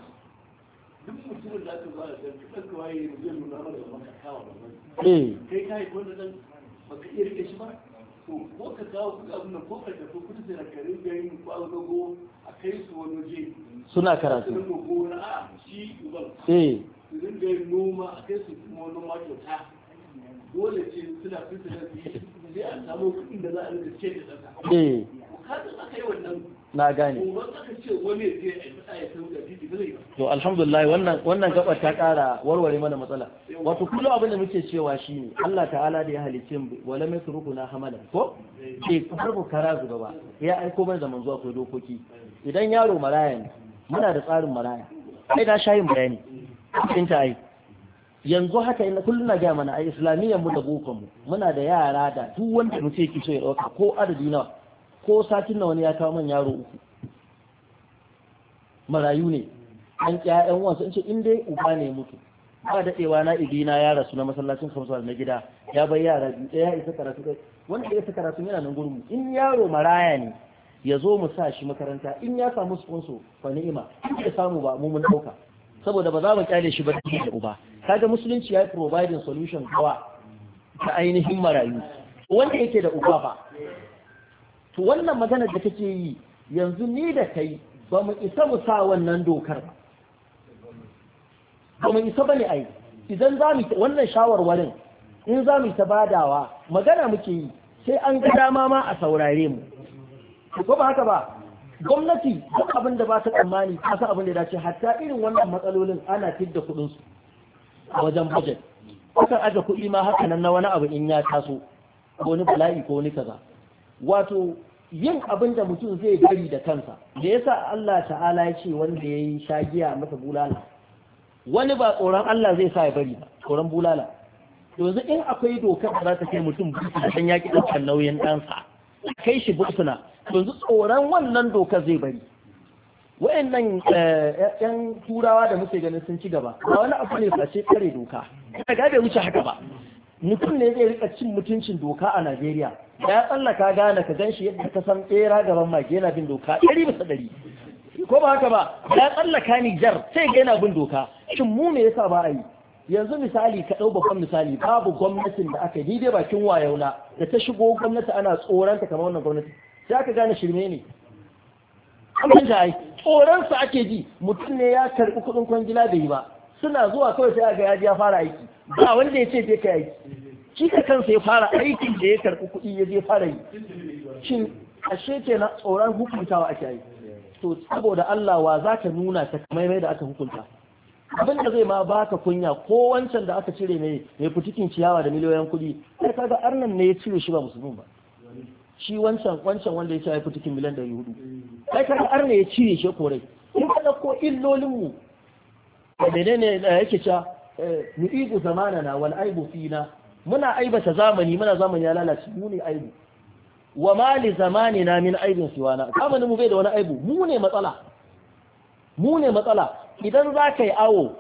duk mutumin da aka zuwa da ɗan ɗan kawai zai nuna mana da maka kawo da eh. kai kai wanda ɗan baka iya rike shi ba to ko ka kawo kuɗi abin nan ko ka tafi kuɗi da kare gari ko a dogo a kai su wani waje suna karatu su ko na a shi uban eh su dinga yin noma a kai su kuma noma kyauta dole ce suna fita da sai a samu kuɗin da za a rinka ce da tsaka eh ka tsaka kai wannan na gane to alhamdulillah wannan wannan gaba ta kara warware mana matsala wato kullu abin da muke cewa shine Allah ta'ala da ya halice mu wala na hamala ko ke karbu kara zuba ba ya aiko ban zaman zuwa dokoki idan yaro maraya ne muna da tsarin maraya sai da shayin bayani kin ta ai yanzu haka ina kullum na ga mana ai islamiyyar mu da bokon mu muna da yara da duk wanda muke yake so ya dauka ko adadi nawa ko satin na wani ya kawo man yaro uku marayu ne an ƴaƴan wasu in ce in dai uba ne mutu ba daɗewa na idina ya rasu na masallacin kamsu na gida ya bai yara biyu ya isa karatu kai wanda ya isa karatu yana nan gurmu in yaro maraya ne ya zo mu sa shi makaranta in ya samu sponsor fa ni'ima in ya samu ba mu mun ɗauka saboda ba za mu kyale shi ba da uba kaga musulunci ya yi providing solution kawa ta ainihin marayu wanda yake da uba ba to wannan magana da kake yi yanzu ni da kai ba mu isa mu sa wannan dokar ba ba mu isa ba ne ai idan za mu wannan shawarwarin in za mu ta badawa magana muke yi sai an ga dama ma a saurare mu ko ba haka ba gwamnati duk abin da ba ta tsammani ta san abin da dace hatta irin wannan matsalolin ana fidda kuɗin su wajen budget Kuka aje kuɗi ma haka nan na wani abu in ya taso ko wani bala'i ko wani kaza wato yin abin da mutum zai bari da kansa da yasa Allah ta'ala ya ce wanda ya yi shagiya masa bulala wani ba tsoron Allah zai sa ya bari ba tsoron bulala yanzu in akwai dokar da za ta kai mutum burtuna don yaƙi ɗaukar nauyin ɗansa kai shi bursuna yanzu tsoron wannan dokar zai bari wayannan yan eh, turawa da muke ganin sun ci gaba ba wani abu ne face kare doka kaga bai wuce haka ba mutum ne zai rika cin mutuncin doka a Najeriya ya tsallaka gane ka gan shi yadda ka san tsera gaban mage yana bin doka ɗari bisa ɗari ko ba haka ba ya tsallaka Nijar sai ga yana bin doka shin mu me yasa ba a yi yanzu misali ka ɗau babban misali babu gwamnatin da aka yi dai bakin wayauna da ta shigo gwamnati ana tsoronta kamar wannan gwamnati sai aka gane shirme ne an fahimta ai sa ake ji mutum ne ya karɓi kuɗin kwangila bai yi ba suna zuwa kawai sai ga yaji ya fara aiki ba wanda ya ce zai ka aiki shi ka kansa ya fara aikin da ya karɓi kuɗi ya je fara yi shin ashe na tsoron hukuntawa ake yi to saboda Allah wa za ka nuna ta kamar mai da aka hukunta abin da zai ma baka kunya ko wancan da aka cire mai mai fitikin ciyawa da miliyoyin kuɗi sai kaga arnan ne ya cire shi ba musulmi ba shi wancan wancan wanda ya ci ya fitikin miliyan ɗari hudu sai kaga arnan ya cire shi rai in ka ko illolin mu menene da eh, yake cewa eh, nu'ibu zamanana wal aibu fina muna aibata zamani muna zamani ya lalace mu ne aibu wa ma li na min aibin siwana Zamani mu bai da wani aibu mu ne matsala mu ne matsala idan za ka yi awo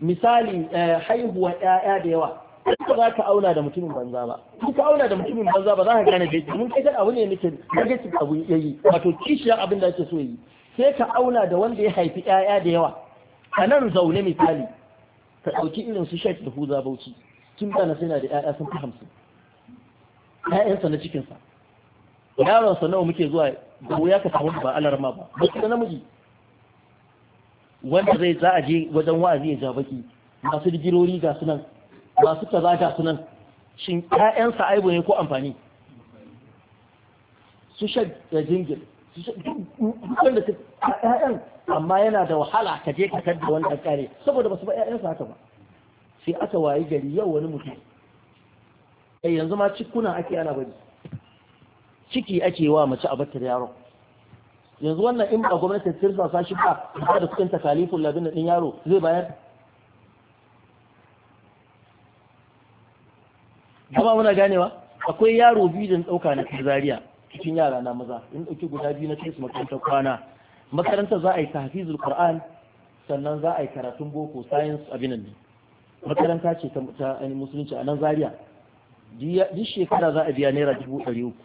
misali eh, haihuwa ƴaƴa da yawa ba za ka auna da mutumin banza ba in ka auna da mutumin banza ba za ka gane da mun kai da abu ne nake ci abu yayi wato kishiyar abin da ake so yi sai ka auna da wanda ya haifi 'ya'ya da yawa a nan zaune misali ka ɗauki irin su shek da huza bauchi kin bana na da ƴaƴa sun fi hamsin ƴaƴansa na cikinsa yaronsa nawa muke zuwa da wuya ka samu ba alarma ba ba su da namiji wanda zai za a je wajen wa'azi ya ja baki masu digirori ga sunan masu kaza ga sunan shin ƴaƴansa aibu ne ko amfani su shek da jingil dukkan da ta ƴaƴan amma yana da wahala ka je ka kadda wanda kare saboda ba su ba ƴaƴansa haka ba sai aka wayi gari yau wani mutum eh yanzu ma cikuna ake ana bari ciki ake wa mace a batta yaro yanzu wannan in ba gwamnatin tirsa sa shi ba ba da kuɗin takalifin labin din yaro zai bayar Gaba muna ganewa akwai yaro biyu da ɗauka na Zariya. cikin yara na maza in dauki guda biyu na kai su makarantar kwana makarantar za a yi tahfizul qur'an sannan za a yi karatun boko science abin nan makaranta ce ta ta musulunci a nan zaria duk shekara za a biya naira dubu ɗari uku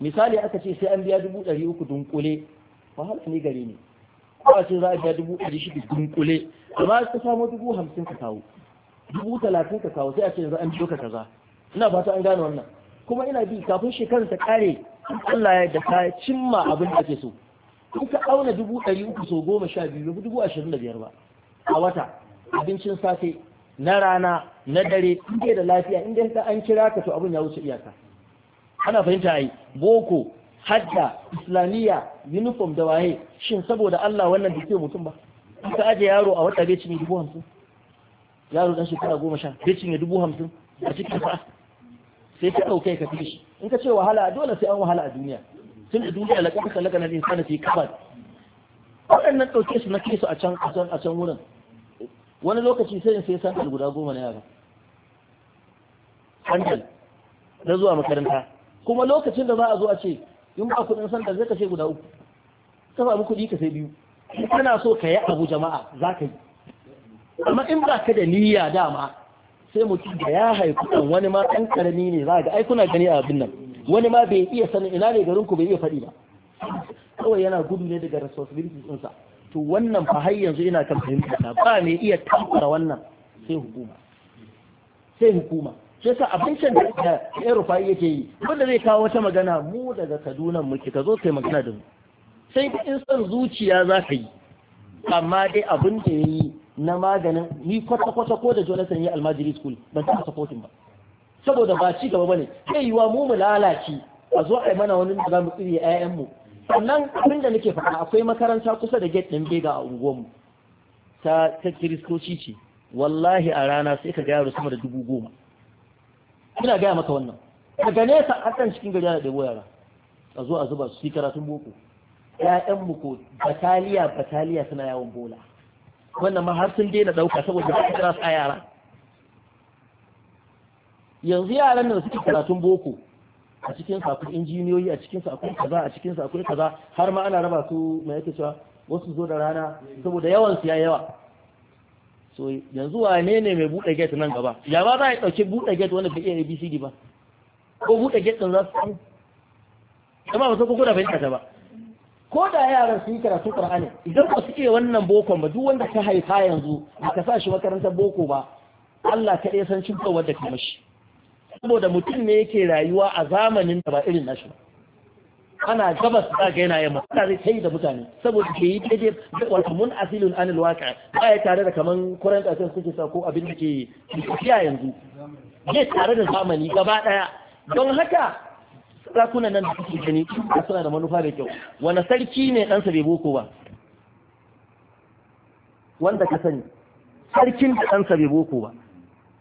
misali aka ce sai an biya dubu ɗari uku dunkule wahala ne gari ne ko a ce za a biya dubu ɗari shida dunkule amma ka samo dubu hamsin ka kawo dubu talatin ka kawo sai a ce yanzu an biyo ka kaza ina fata an gane wannan kuma ina bi kafin shekarun ta kare Allah ya da ta cimma abin da ake so in ka auna dubu ɗari uku so goma sha biyu ba dubu ashirin da biyar ba a wata abincin safe na rana na dare in dai da lafiya in da an kira ka to abin ya wuce iyaka ana fahimta ai boko hadda islamiyya uniform da waye shin saboda Allah wannan bai mutum ba in ka aje yaro a wata bai cinye dubu hamsin yaro dan shekara goma sha bai cinye dubu hamsin a cikin fa'a sai ka ɗauke ka fi shi in ka ce wahala dole sai an wahala a duniya tun da duniya la kafa laka na insana fi kabad waɗannan ɗauke su na ke su a can a can a can wurin wani lokaci sai in sai san guda goma na yara hankal na zuwa makaranta kuma lokacin da za a zo a ce in ba kuɗin sandal zai kashe guda uku ka samu kuɗi ka sai biyu kana so ka yi abu jama'a za ka yi amma in ba ka da niyya dama sai mutum da ya haifi ɗan wani ma ɗan ƙarami ne za ga ai kuna gani a abin nan wani ma bai iya sanin ina ne garin ku bai iya faɗi ba kawai yana gudu ne daga responsibility ɗinsa to wannan fa har yanzu ina kan fahimta ta ba mai iya tamfara wannan sai hukuma sai hukuma sai sa abincin da ya rufa yake yi wanda zai kawo wata magana mu daga Kaduna mu muke ka zo kai magana da mu sai in san zuciya za ka yi amma dai abin da ya yi na maganin ni kwata-kwata ko da jonathan ya almajiri school ban taɓa supporting ba saboda ba ci gaba bane kai wa mu mu lalace a zo a mana wani da za mu tsiri ayyan mu sannan abin da nake faɗa akwai makaranta kusa da gate din bega a unguwarmu ta ta kiristoci ce wallahi a rana sai ka ga yaro sama da dubu goma ina gaya maka wannan daga nesa a kan cikin gari da ɗebo yara a zo a zuba su yi karatun boko ƴaƴan mu ko bataliya bataliya suna yawon bola wannan ma har sun daina ɗauka saboda ba kira su a yara yanzu yaran nan suke karatun boko a cikin akwai injiniyoyi a cikin akwai kaza a cikin akwai kaza har ma ana raba su mai yake cewa wasu zo da rana saboda yawan su yayi yawa so yanzu wane ne mai bude gate nan gaba ya ba za a dauke bude gate wanda bai iya ABCD ba ko bude gate din za su samu amma ba su ko da fahimta ta ba ko da yaran su yi karatu Qur'ani idan ba su iya wannan boko ba duk wanda ka haifa yanzu ka sa shi makarantar boko ba Allah ka dai san cin da ka mashi saboda mutum ne yake rayuwa a zamanin da ba irin nashi ana gabas da ga yana yamma ana zai tayi da mutane saboda ke yi daidai wato mun asilun anil waqi ba ya tare da kaman kuran affairs suke sa ko abin da ke tafiya yanzu ne tare da zamani gaba ɗaya, don haka sarakunan nan da kuke gani da suna da manufa da kyau wani sarki ne ɗansa bai boko ba wanda ka sani sarkin da ɗansa bai boko ba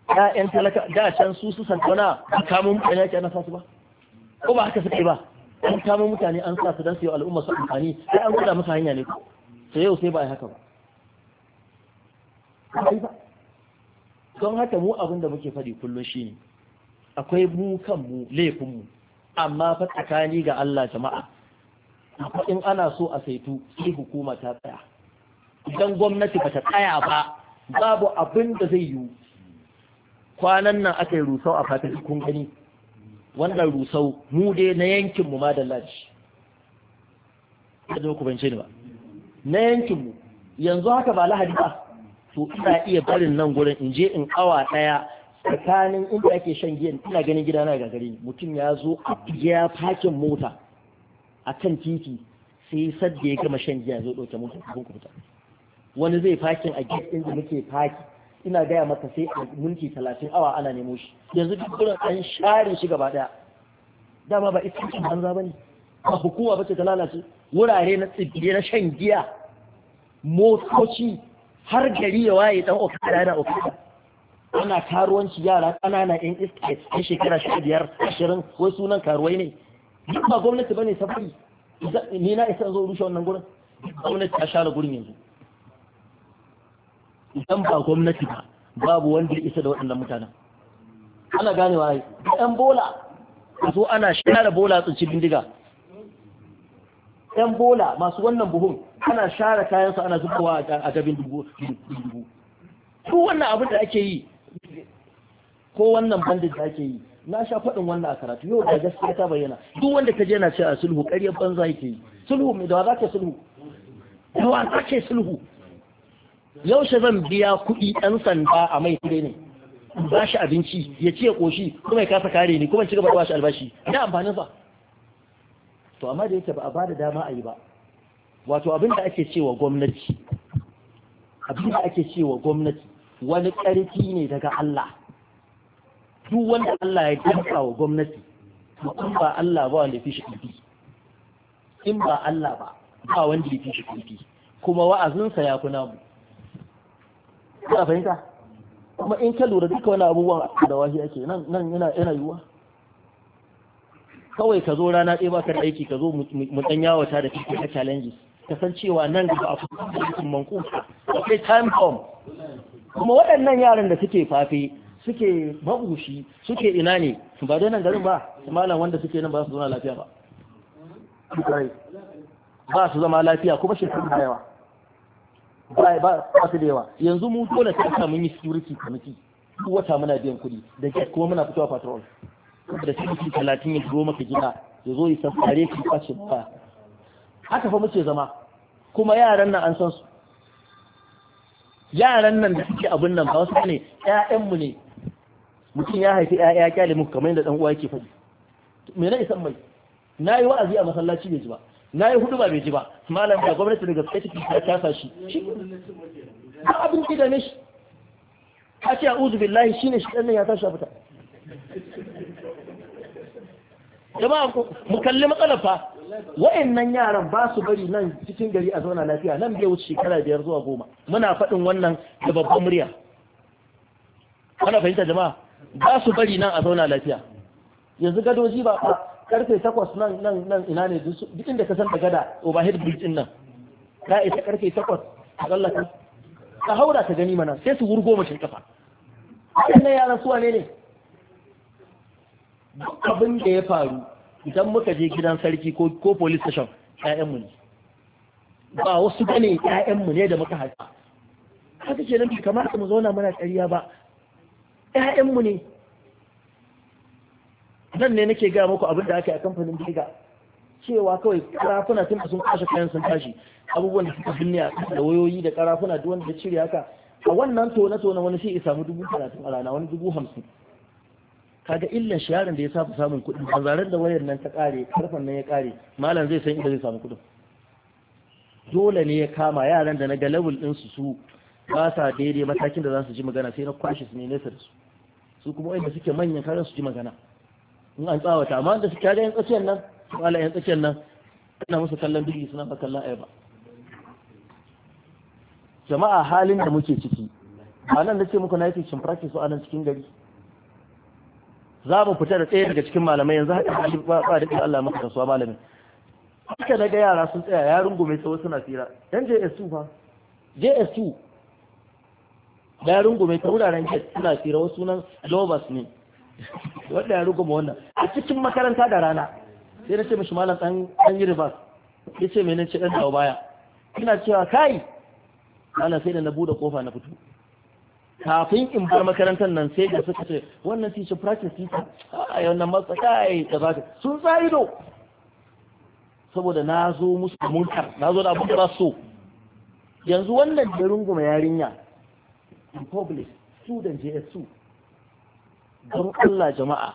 ƴaƴan talaka da can su su san tona ba kamo mutane ake ana su ba ko ba haka suke ba an kamo mutane an sa su dan su yi al'umma su amfani sai an gwada musu hanya ne ko sai yau sai ba a yi haka ba don haka mu abin da muke faɗi kullum shine akwai mu kan mu laifin mu amma fa tsakani ga Allah jama'a in ana so a saitu sai hukuma ta tsaya idan gwamnati ba ta tsaya ba babu abin da zai yiwu kwanan nan aka yi rusau a fatan kun gani wannan rusau mu dai na yankin mu ma da laji ka ku bance ni ba na yankin mu yanzu haka ba lahadi ba to ina iya barin nan gurin in je in awa daya tsakanin inda ake shan giyan ina ganin gida na gagari mutum ya zo a ya fakin mota a kan titi sai sadda ya gama shan giya zo ɗauke mota kuta wani zai fakin a gate inda muke faki ina gaya maka sai a minti talatin awa ana nemo shi yanzu duk gurin an share shi gaba ɗaya dama ba cikin banza ba ne ba hukuma ba ce ta lalace wurare na tsibiri na shan giya motoci har gari ya waye dan okada da okada ana karuwanci yara ƙanana yan iska a shekara sha biyar ashirin wai sunan karuwai ne duk ba gwamnati bane safari ni na isa zo rushe wannan gurin gwamnati ta share gurin yanzu idan ba gwamnati ba babu wanda ya isa da waɗannan mutanen ana ganewa ai ɗan bola a zo ana share bola tsinci bindiga ɗan bola masu wannan buhun ana share kayansu ana zubawa a gabin dubu duk wannan abin da ake yi ko wannan bandit da ake yi na sha faɗin wannan a karatu yau da gaskiya ta bayyana duk wanda ka je na ce a sulhu ƙaryar banza yake yi sulhu mai da za ka sulhu da za ka sulhu yaushe zan biya kuɗi ɗan sanda a mai kuɗi ne ba shi abinci ya ce ƙoshi kuma ya kasa kare ni kuma ci gaba da shi albashi da amfanin sa to amma da yake ba a bada dama a yi ba wato abin da ake cewa gwamnati abin da ake cewa gwamnati wani ƙarfi ne daga Allah duk wanda Allah ya danka wa gwamnati in ba Allah ba wanda fi shi ƙarfi in ba Allah ba ba wanda fi shi ƙarfi kuma wa'azinsa ya kuna mu Kuna fahimta kuma in ka lura duka wani abubuwan da wahi ake nan nan yana yana yiwuwa kawai ka zo rana ɗaya ka da aiki ka zo mu dan yawata da kike ta challenges kasancewa nan gaba a kuma mankuta akwai time bomb kuma waɗannan yaran da suke fafi suke mabushi suke ina ne ba dai nan garin ba su malam wanda suke nan ba su zama lafiya ba ba su zama lafiya kuma shekaru da yawa ba ba su da yawa yanzu mu dole sai ka mun yi security committee duk wata muna biyan kuɗi da jet kuma muna fitowa patrol da security talatin ya zo maka gida ya zo ya sassare ki kwace ba haka fa muke zama kuma yaran nan an san su yaran nan da suke abin nan ba wasu ne ƴaƴanmu ne mutum ya haifi ƴaƴa kyale muku kamar yadda dan uwa yake faɗi me na isan mai nayi wa'azi a masallaci bai ji ba nayi hudu ba bai ji ba malam da gwamnati daga kai ta kasa shi shi abin ki da ne shi a ce a'udhu billahi shine shi dan ya tashi a fita jama'a mu kalli matsalar fa wa'annan yaran ba su bari nan cikin gari a zauna lafiya nan bai wuce shekara biyar zuwa goma muna faɗin wannan da babban murya ana fahimta jama'a ba su bari nan a zauna lafiya yanzu gadoji ba karfe takwas nan nan nan ina ne duk inda ka san da gada overhead bridge din nan ka isa karfe takwas a tsallaka ka haura ka gani mana sai su wurgo mace kafa wannan yaran suwa ne ne abin da ya faru idan muka je gidan sarki ko ko police station ƴaƴanmu ne ba wasu gane ƴaƴanmu ne da muka haifa haka ke nan kamar mu zauna muna ƙarya ba ƴaƴanmu ne nan ne nake ga muku abin da aka yi a kamfanin Bega cewa kawai karafuna tun sun kashe kayan sun tashi abubuwan da suka binne da wayoyi da karafuna duk wanda ya cire haka a wannan tona tona wani sai ya samu dubu talatin a rana wani dubu hamsin kaga illan shiyarin da ya saba samun kuɗi a zaren da wayar nan ta ƙare karfan nan ya ƙare malam zai san inda zai samu kuɗin dole ne ya kama yaran da na ga level ɗin su su ba sa daidai matakin da za su ji magana sai na kwashe su ne nesa da su su kuma wanda suke manyan karan su ji magana in an tsawata amma da su kaga yan tsakiyar nan malam yan tsakiyar nan ana musu kallon dubi suna ba kallon ayaba jama'a halin da muke ciki a nan da ce muku na yi teaching practice a nan cikin gari za mu fita da tsaye daga cikin malamai yanzu haka shi ba da Allah maka kasuwa malamin haka daga yara sun tsaya ya rungume tsawo suna tsira dan JSU fa JSU da ya rungume ta wuraren jet suna tsira wasu sunan Lovers ne wanda ya rungu wannan a cikin makaranta da rana sai na ce mishi malam ɗan dan yi ce yace menene ce ɗan dawo baya ina cewa kai Malam sai da na bude kofa na fito kafin in bar makarantar nan sai da suka ce wannan teacher practice teacher a wannan masa kai da ba sun sa do. saboda na zo musu da munkar na zo da abin so yanzu wannan da runguma yarinya in public student 2 don Allah jama'a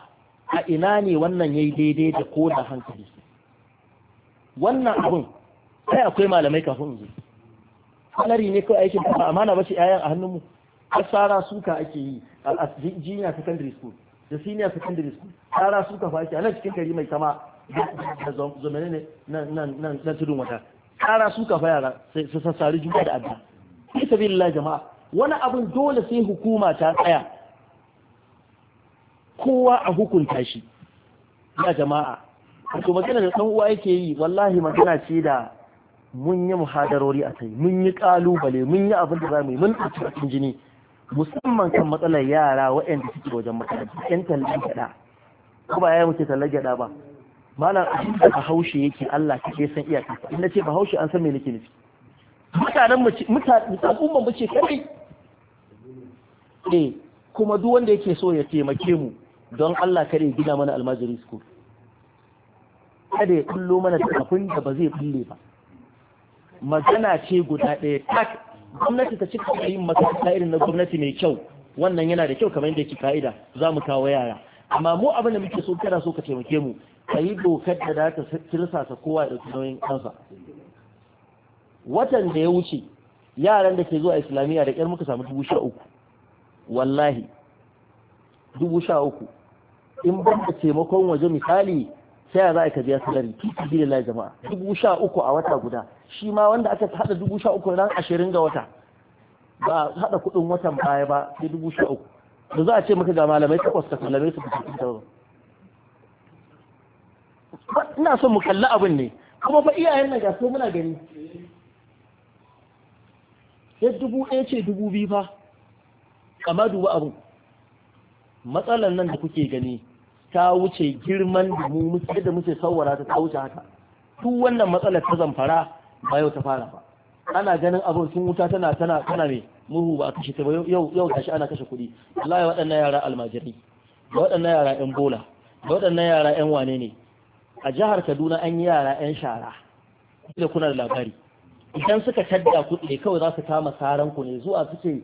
a ina ne wannan yayi daidai da ko da hankali wannan abun sai akwai malamai kafin zo salari ne kawai aikin ba amana ba shi 'ya'yan a hannun mu har tsara suka ake yi a junior secondary school da senior secondary school tsara suka fa ake a nan cikin gari mai kama da zomene ne na tudun wata tsara suka fa yara su sassari juna da adda sai sabi jama'a wani abin dole sai hukuma ta tsaya kowa a hukunta shi ya jama'a wato magana da ɗan uwa yake yi wallahi magana ce da mun yi muhadarori a kai mun yi kalubale mun yi abin da za mu yi mun ɗauki jini musamman kan matsalar yara waɗanda suke wajen makaranta ƴan tallan gyaɗa ko ba ya muke tallan gyaɗa ba malam abin da haushe yake Allah kake san iya kafa ce ba haushe an san me nake nufi mutanen mu mutanen al'umman mu ce kai eh kuma duk wanda yake so ya taimake mu don Allah kare gina mana almajiri school kada ya kullo mana da da ba zai kulle ba magana ce guda ɗaya tak gwamnati ta cika yin makaranta irin na gwamnati mai kyau wannan yana da kyau kamar yadda yake ka'ida za mu kawo yara amma mu abin da muke so kana so ka taimake mu ka yi dokar da za ta tirsasa kowa da nauyin kansa watan da ya wuce yaran da ke zuwa islamiyya da ƙyar muka samu dubu sha uku wallahi dubu sha uku in ban da taimakon waje misali sai a za a ka biya salari tuki bi da jama'a dubu sha uku a wata guda shi ma wanda aka haɗa dubu sha uku ran ashirin ga wata ba haɗa kuɗin watan baya ba sai dubu sha uku da za a ce maka ga malamai takwas ka malamai su fitattun ta ina son mu kalli abin ne kuma fa iyayen na gaso muna gani ya dubu ɗaya ce dubu biyu fa amma dubu abu matsalar nan da kuke gani ta wuce girman da mu muke da muke sauwara ta ta wuce haka duk wannan matsalar ta zamfara ba yau ta fara ba ana ganin abin sun wuta tana tana tana mai murhu ba a kashe ta ba yau yau tashi ana kashe kuɗi Allah ya waɗannan yara almajirai da waɗannan yara ƴan bola da waɗannan yara ƴan wane ne a jihar Kaduna an yi yara ƴan shara da kuna da labari idan suka tadda kuɗi kawai za su kama saran ku ne zuwa suke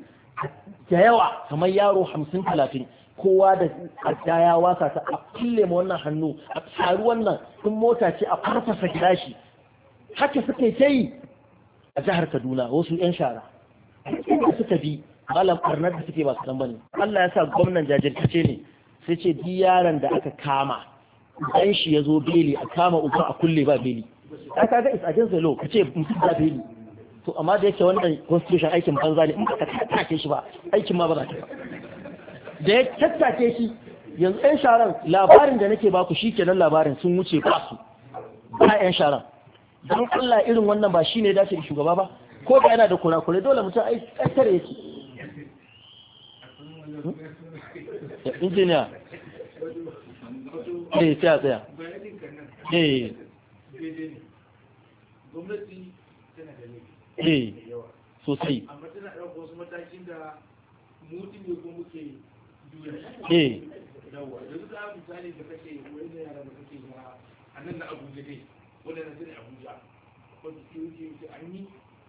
da yawa kamar yaro hamsin talatin kowa da adda ya wasa ta a kulle ma wannan hannu a taru wannan sun mota ce a farfasa gilashi haka suke ta yi a jihar kaduna wasu 'yan shara inda suka bi malam karnar da suke ba ne Allah ya sa gwamnan jajirtace ne sai ce di yaran da aka kama dan shi ya zo beli a kama uban a kulle ba beli ta kaga is a jinsa lo kace mutum ba beli to amma da yake wannan constitution aikin banza ne in ba ka tattake shi ba aikin ma ba za ka ba da ya tattake shi yanzu 'yan sharan labarin da nake baku shi nan labarin sun wuce ba su ba 'yan sharan don Allah irin wannan ba shi ne dace da shugaba ba ko ga yana da kurakure dole mutum ai kaitare yake hmm? eh, injiniya eh tsaya tsaya eh gwamnati tana da laifi sosai amma tana ɗauka wasu matakin da mutum ne ko muke eh yawa yanzu za misali da kake wani yara da kake a nan na abuja dai waɗannan su ne abuja wanda ke wuce wuce an yi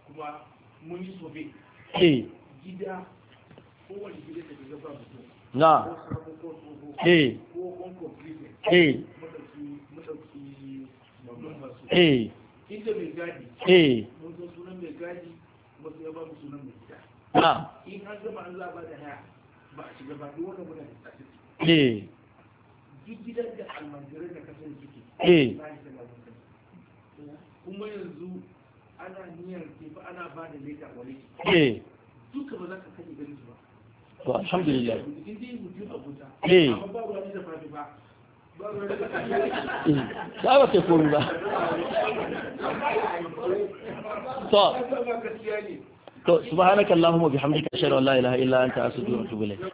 kuma mun yi sobe eh. gida kowane gida da gaba mutum na eh eh eh inda mai gadi eh mun zo sunan mai gadi wasu ya ba mu sunan mai gida in an gama an zaba da haya ba a shiga ba duk wanda muna da tsaki eh duk gidan da almanjirai da kasar suke eh kuma yanzu ana niyyar ke fa ana ba da leta wani ke eh. duka ba za ka kake ganin su ba to alhamdulillah in dai mutum abuta eh amma ba wani da fafi ba ba ba eh. ke komi ba to to subhanakallahumma bihamdika ashhadu an la ilaha illa anta astaghfiruka wa atubu ilayk